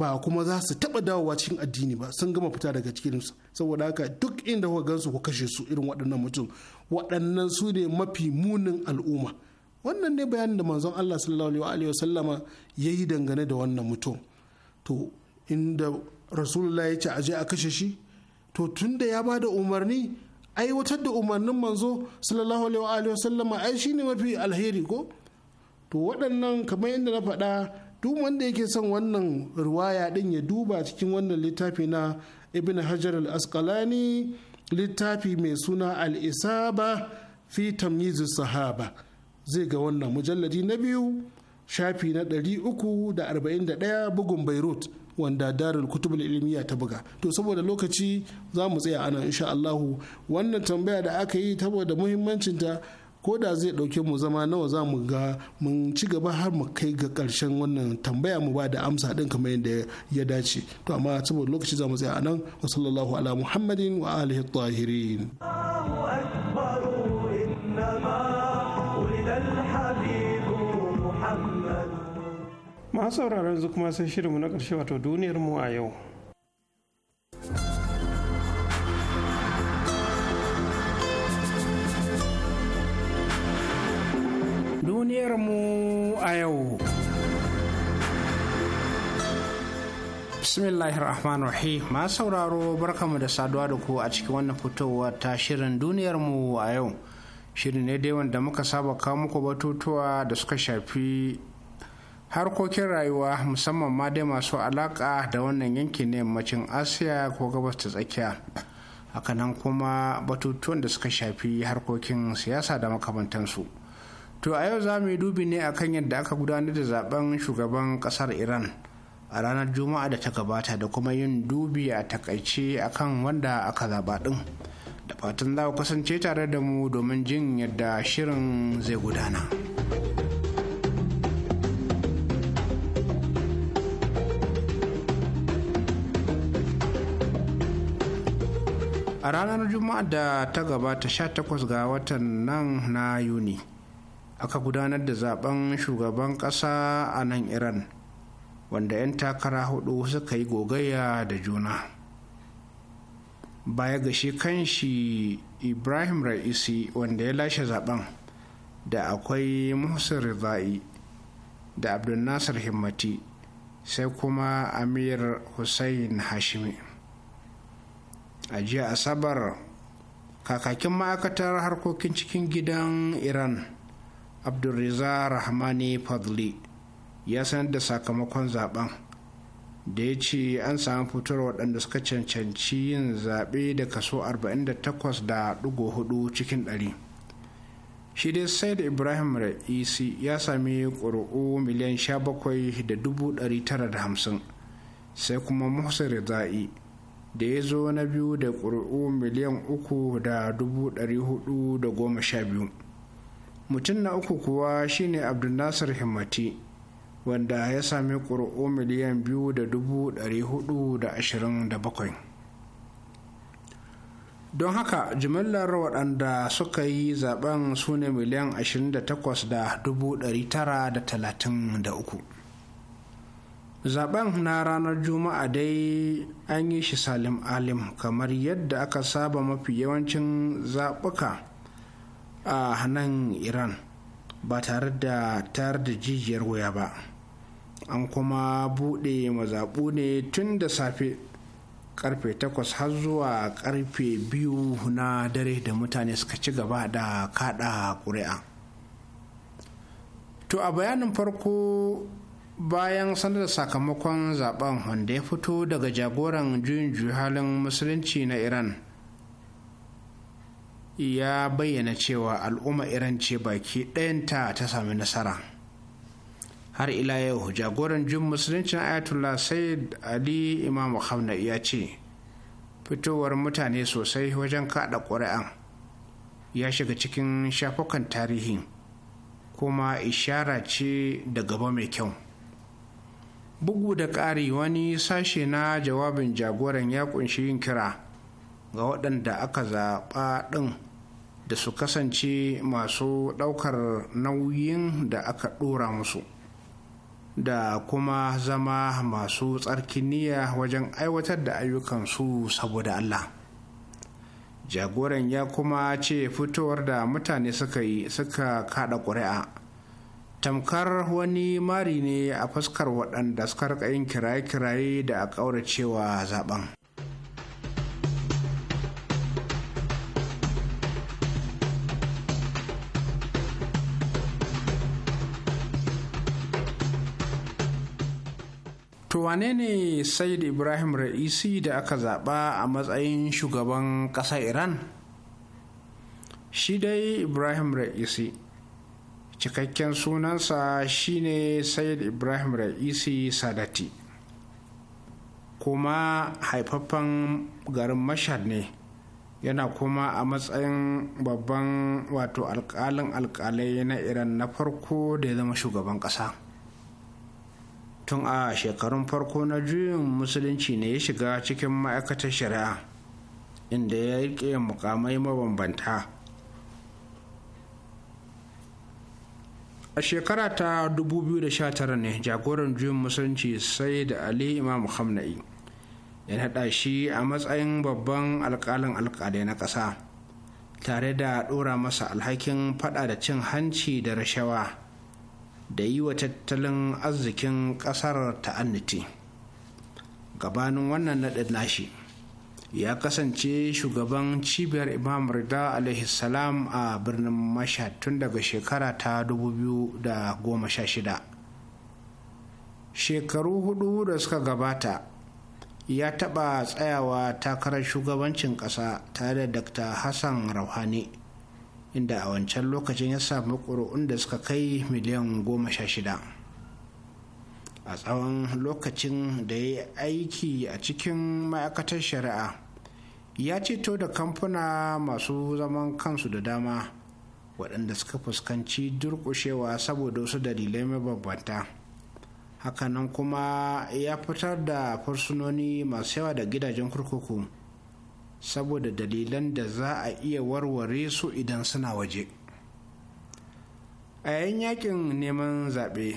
ba kuma za su taba dawowa cikin addini ba sun gama fita daga cikin saboda haka duk inda kuka gansu ku kashe su irin waɗannan mutum waɗannan su ne mafi munin al'umma wannan ne bayanin da manzon Allah sallallahu alaihi wa sallama yi dangane da wannan mutum to inda rasulullah ya ce a je a kashe shi to tunda ya ba da umarni aiwatar da umarnin manzo sallallahu alaihi wa sallama ai shine mafi alheri ko to waɗannan kamar inda na faɗa duk wanda yake son wannan ruwaya din ya duba cikin wannan littafi na ibn hajar al-asqalani littafi mai suna al-isaba fi tamyizu sahaba zai ga wannan mujalladi na biyu shafi na 341 bugun beirut wanda darul kutubul ilmiya ta buga to saboda lokaci za mu tsaya ana insha Allahu wannan tambaya da aka yi saboda muhimmancinta ko da zai dauke mu zama nawa za mu ga mun ci gaba har mu kai ga ƙarshen wannan tambaya mu ba da amsa din kamar yadda ya dace to amma saboda lokaci za mu tsaya a nan wa sallallahu ala muhammadin wa alihi tahirin masu sauraron yanzu kuma sai mu na ƙarshe wato duniyar mu a yau duniyar mu a yau. bismillahir rahmanir rahim ma sauraro barkamu da saduwa da ku a cikin wannan fitowa ta shirin duniyar mu a yau shirin ne dai wanda muka saba kawo muku batutuwa da suka shafi harkokin rayuwa musamman ma dai masu alaka da wannan yankin ne yammacin asiya ko gabas ta tsakiya hakanan kuma batutuwan da suka shafi harkokin siyasa da makamantansu to a yau za mu yi dubi ne a kan yadda aka gudanar da zaben shugaban kasar iran a ranar juma'a da ta gabata da kuma yin dubi a takaice kan wanda aka zaba din da fatan za ku kasance tare da mu domin jin yadda shirin zai gudana. a ranar juma'a da ta gabata 18 ga watan nan na yuni aka gudanar da zaben shugaban ƙasa a nan iran wanda 'yan takara hudu suka yi gogayya da juna baya ga shi kanshi ibrahim ra'isi wanda ya lashe zaben da akwai muhsin rizai da abdulnasir himmati sai kuma amir hussein hashimi a jiya asabar kakakin ma'aikatar harkokin cikin gidan iran abdulriza rahmani fadli ya sanar da sakamakon zaben da ya ce an samu fitar waɗanda suka cancanci yin zaɓe da kaso 48.4 cikin 100 shi dai sai da ibrahim ra'isi ya sami ƙuri'u miliyan 17,950 sai kuma muhsin rizai da ya zo na biyu da ƙuri'u miliyan 3,412 mutum na uku kuwa shine abdulnasir himmati wanda ya sami ƙuri'u miliyan biyu da dubu ɗari hudu da ashirin da bakwai don haka jimillar waɗanda suka yi zaben su ne miliyan ashirin da takwas da dubu ɗari tara da talatin da uku zaben na ranar juma'a dai an yi shi salim alim kamar yadda aka saba mafi yawancin zaɓuka a hannun iran ba tare da tayar da jijiyar wuya ba an kuma buɗe mazaɓu ne tun da safe karfe 8 har zuwa karfe 2 na dare da mutane suka ci gaba da kada ƙuri'a to a bayanin farko bayan sanar da sakamakon zaben wanda ya fito daga jagoran juyin halin musulunci na iran ya bayyana cewa al'umma iran ce baki ɗayanta ta sami nasara har ila yau jagoran jin musuluncin ayatollah Sayyid ali imam hamna ya ce fitowar mutane sosai wajen kaɗa ƙuri'an ya shiga cikin shafukan tarihi kuma ishara ce da gaba mai kyau bugu da ƙari wani sashe na jawabin jagoran ya ƙunshi yin kira ga waɗanda aka zaɓa ɗin da su kasance masu ɗaukar nauyin da aka ɗora musu da kuma zama masu tsarkiniya wajen aiwatar da ayyukansu saboda Allah. Jagoran ya kuma ce fitowar da mutane suka yi suka kada ƙuri'a. Tamkar wani mari ne a fuskar waɗanda suka yin kiraye-kiraye da a ƙauracewa zaben. To wane ne Said Ibrahim Ra'isi da aka zaɓa a matsayin shugaban ƙasa Iran? Shi dai Ibrahim Ra'isi. Cikakken sunansa shine Said Ibrahim Ra'isi Sadati. Kuma haifaffen garin Mashar ne. yana kuma a matsayin babban wato alkalin alkalai na iran na farko da ya zama shugaban ƙasa. tun a shekarun farko na juyin musulunci ne ya shiga cikin ma'aikatar shari'a inda ya rike mukamai mabambanta a shekara ta 2019 ne jagoran juyin musulunci sai da ali imam hamna'i ya naɗa shi a matsayin babban alƙalin alƙalai na ƙasa tare da ɗora masa alhakin faɗa da cin hanci da rashawa da yi wa tattalin arzikin ƙasar ta'anniti gabanin wannan naɗin nashi ya kasance shugaban cibiyar imam rida salam a birnin mashhad tun daga shekara ta 2016 shekaru hudu da suka gabata ya taɓa tsayawa takarar shugabancin ƙasa tare da dr hassan rauhani inda a wancan lokacin ya samu ƙuri'un da suka kai miliyan goma sha shida a tsawon lokacin da ya yi aiki a cikin ma'aikatar shari'a ya ceto da kamfuna masu zaman kansu da dama waɗanda suka fuskanci durƙushewa saboda wasu dalilai mabambanta hakanan kuma ya fitar da fursunoni masu yawa da gidajen kurkuku saboda dalilan da za a iya warware su idan suna waje a yayin yakin neman zaɓe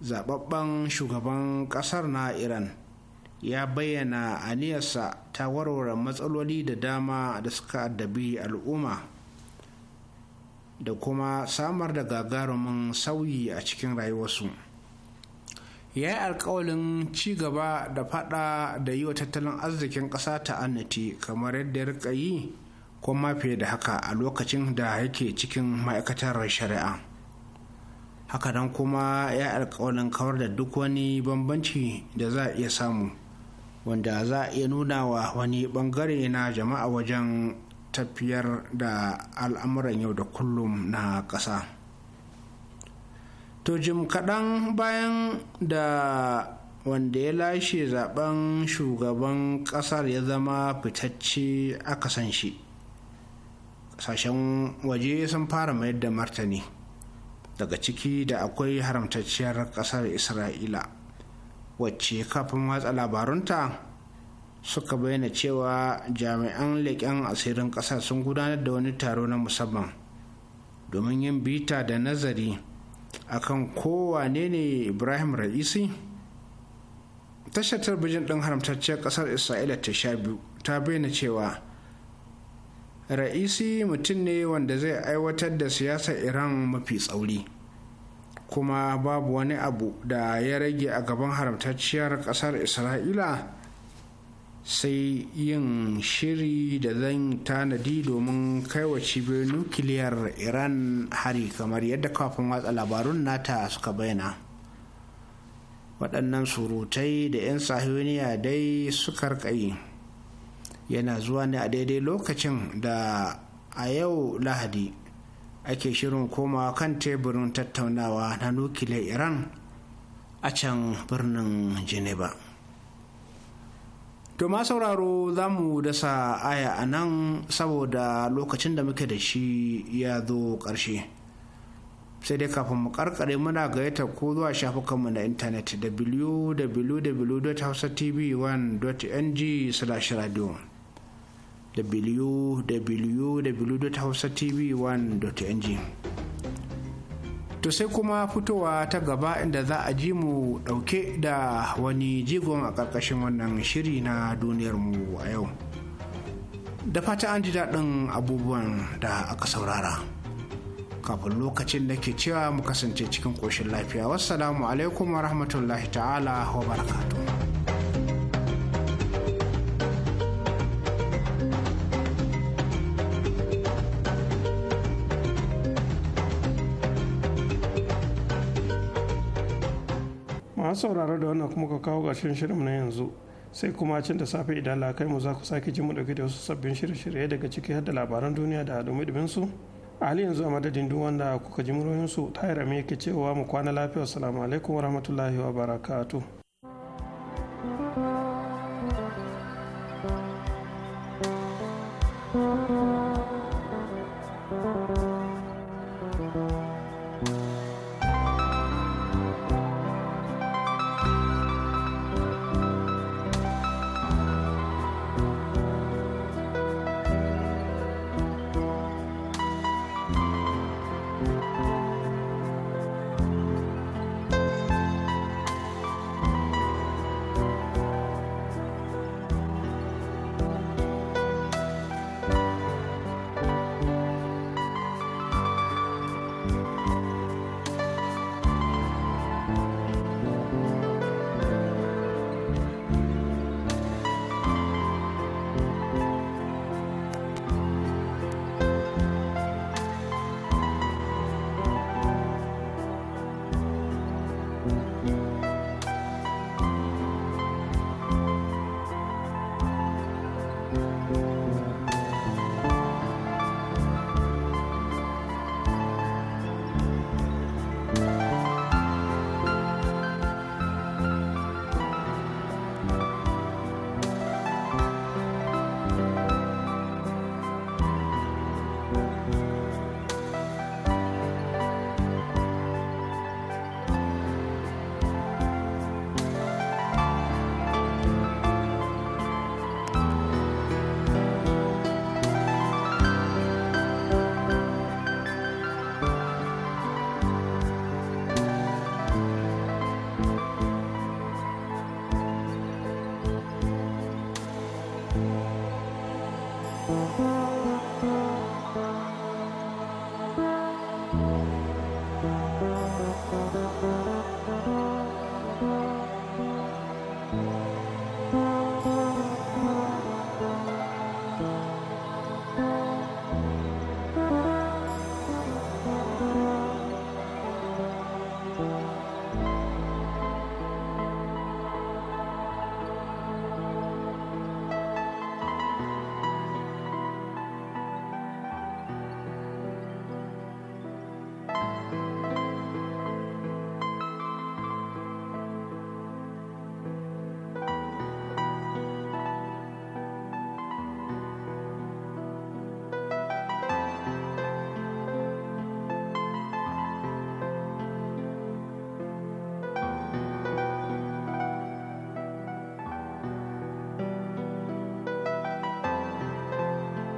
zaɓaɓɓen shugaban ƙasar na iran ya bayyana aniyarsa ta warware matsaloli da dama da suka addabi al'umma da kuma samar da gagarumin sauyi a cikin rayuwarsu. ya yi alkawalin ci gaba da fada da yi wa tattalin arzikin ƙasa ta annati kamar yadda ya rika yi ko ma fiye da haka a lokacin da yake cikin ma'aikatar shari'a haka nan kuma ya yi alkawalin kawar da duk wani bambanci da za a iya samu wanda za a iya nuna wa wani bangare na jama'a wajen tafiyar da al'amuran yau da kullum na ƙasa. to jim kaɗan bayan da wanda ya lashe zaben shugaban ƙasar ya zama fitacce aka san shi sashen waje sun fara mayar da martani daga ciki da akwai haramtacciyar ƙasar isra'ila wacce kafin watsa labarunta suka bayyana cewa jami'an leƙen asirin ƙasar sun gudanar da wani taro na musamman domin yin bita da nazari akan kowane ne ibrahim ra'isi tashar talbijin ɗin haramtacciyar ƙasar isra'ila ta sha biyu ta bayyana cewa ra'isi mutum ne wanda zai aiwatar da siyasar iran mafi tsauri kuma babu wani abu da ya rage a gaban haramtacciyar ƙasar isra'ila sai yin shiri da zan tanadi domin kaiwa cibiyar nukiliyar iran hari kamar yadda kafin watsa labarun nata suka bayyana waɗannan surutai da 'yan sahiyoniya dai suka rikayi yana zuwa ne a daidai lokacin da a yau lahadi ake shirin koma kan teburin tattaunawa na nukiliyar iran a can birnin geneva To sauraro za mu dasa aya a nan saboda lokacin da muke da shi ya zo ƙarshe. Sai dai kafin mu karkare muna gayyata ko zuwa shafukanmu na intanet www.hausatv1.ng slash radio www.hausatv1.ng to sai kuma fitowa ta gaba inda za a ji mu ɗauke da wani jigon a ƙarƙashin wannan shiri na duniyarmu a yau da fata an ji daɗin abubuwan da aka saurara kafin lokacin da ke cewa mu kasance cikin ƙoshin lafiya wassalamu alaikum wa rahmatullahi ta'ala wa barakatuhu saurare da wannan kuma ka kawo ƙarshen shirin na yanzu sai kuma can da safe idan lakai mu za ku sake ji mu dauke da wasu sabbin shirye-shirye daga ciki har da labaran duniya da dumi su a hali yanzu a madadin duk wanda kuka ji muryoyin su tayar ke cewa mu kwana lafiya assalamu alaikum wa barakatu.